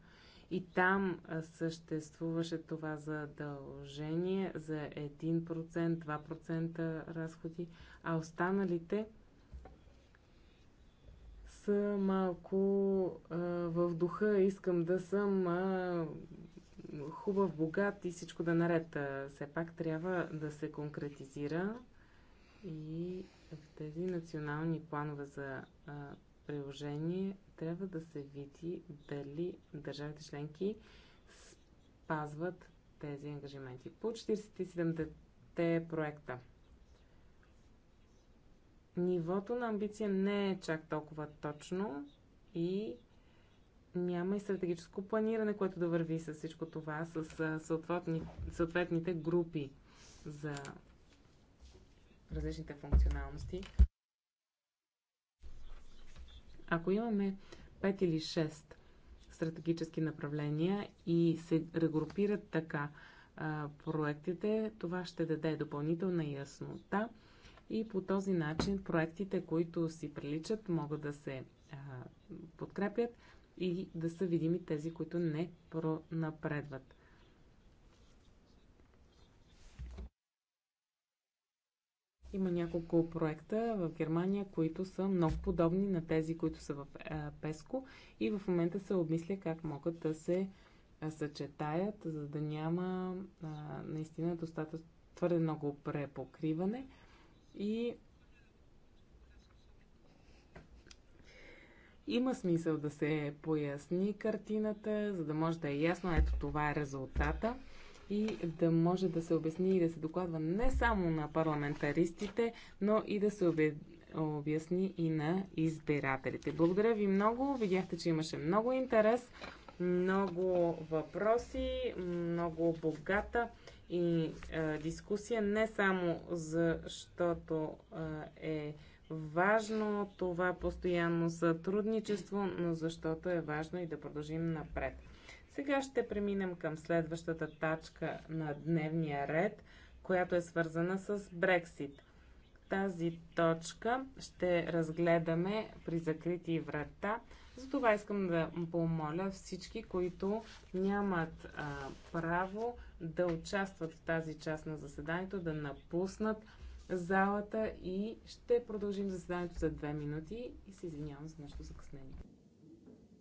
И там съществуваше това задължение за 1%, 2% разходи, а останалите – са малко а, в духа. Искам да съм а, хубав, богат и всичко да е наред. все пак трябва да се конкретизира и в тези национални планове за а, приложение трябва да се види дали държавите членки спазват тези ангажименти. По 47-те проекта – нивото на амбиция не е чак толкова точно и няма и стратегическо планиране, което да върви с всичко това, с съответни, съответните групи за различните функционалности. Ако имаме 5 или 6 стратегически направления и се регрупират така проектите, това ще даде допълнителна яснота и по този начин проектите, които си приличат, могат да се а, подкрепят и да са видими тези, които не пронапредват. Има няколко проекта в Германия, които са много подобни на тези, които са в ПЕСКО и в момента се обмисля как могат да се съчетаят, за да няма а, наистина достатъчно твърде много препокриване. И има смисъл да се поясни картината, за да може да е ясно, ето това е резултата и да може да се обясни и да се докладва не само на парламентаристите, но и да се обясни и на избирателите. Благодаря ви много. Видяхте, че имаше много интерес, много въпроси, много богата и а, дискусия, не само защото а, е важно това постоянно сътрудничество, но защото е важно и да продължим напред. Сега ще преминем към следващата тачка на дневния ред, която е свързана с Брексит. Тази точка ще разгледаме при закрити врата. Затова искам да помоля всички, които нямат а, право да участват в тази част на заседанието, да напуснат залата и ще продължим заседанието за две минути и се извинявам за нашето закъснение.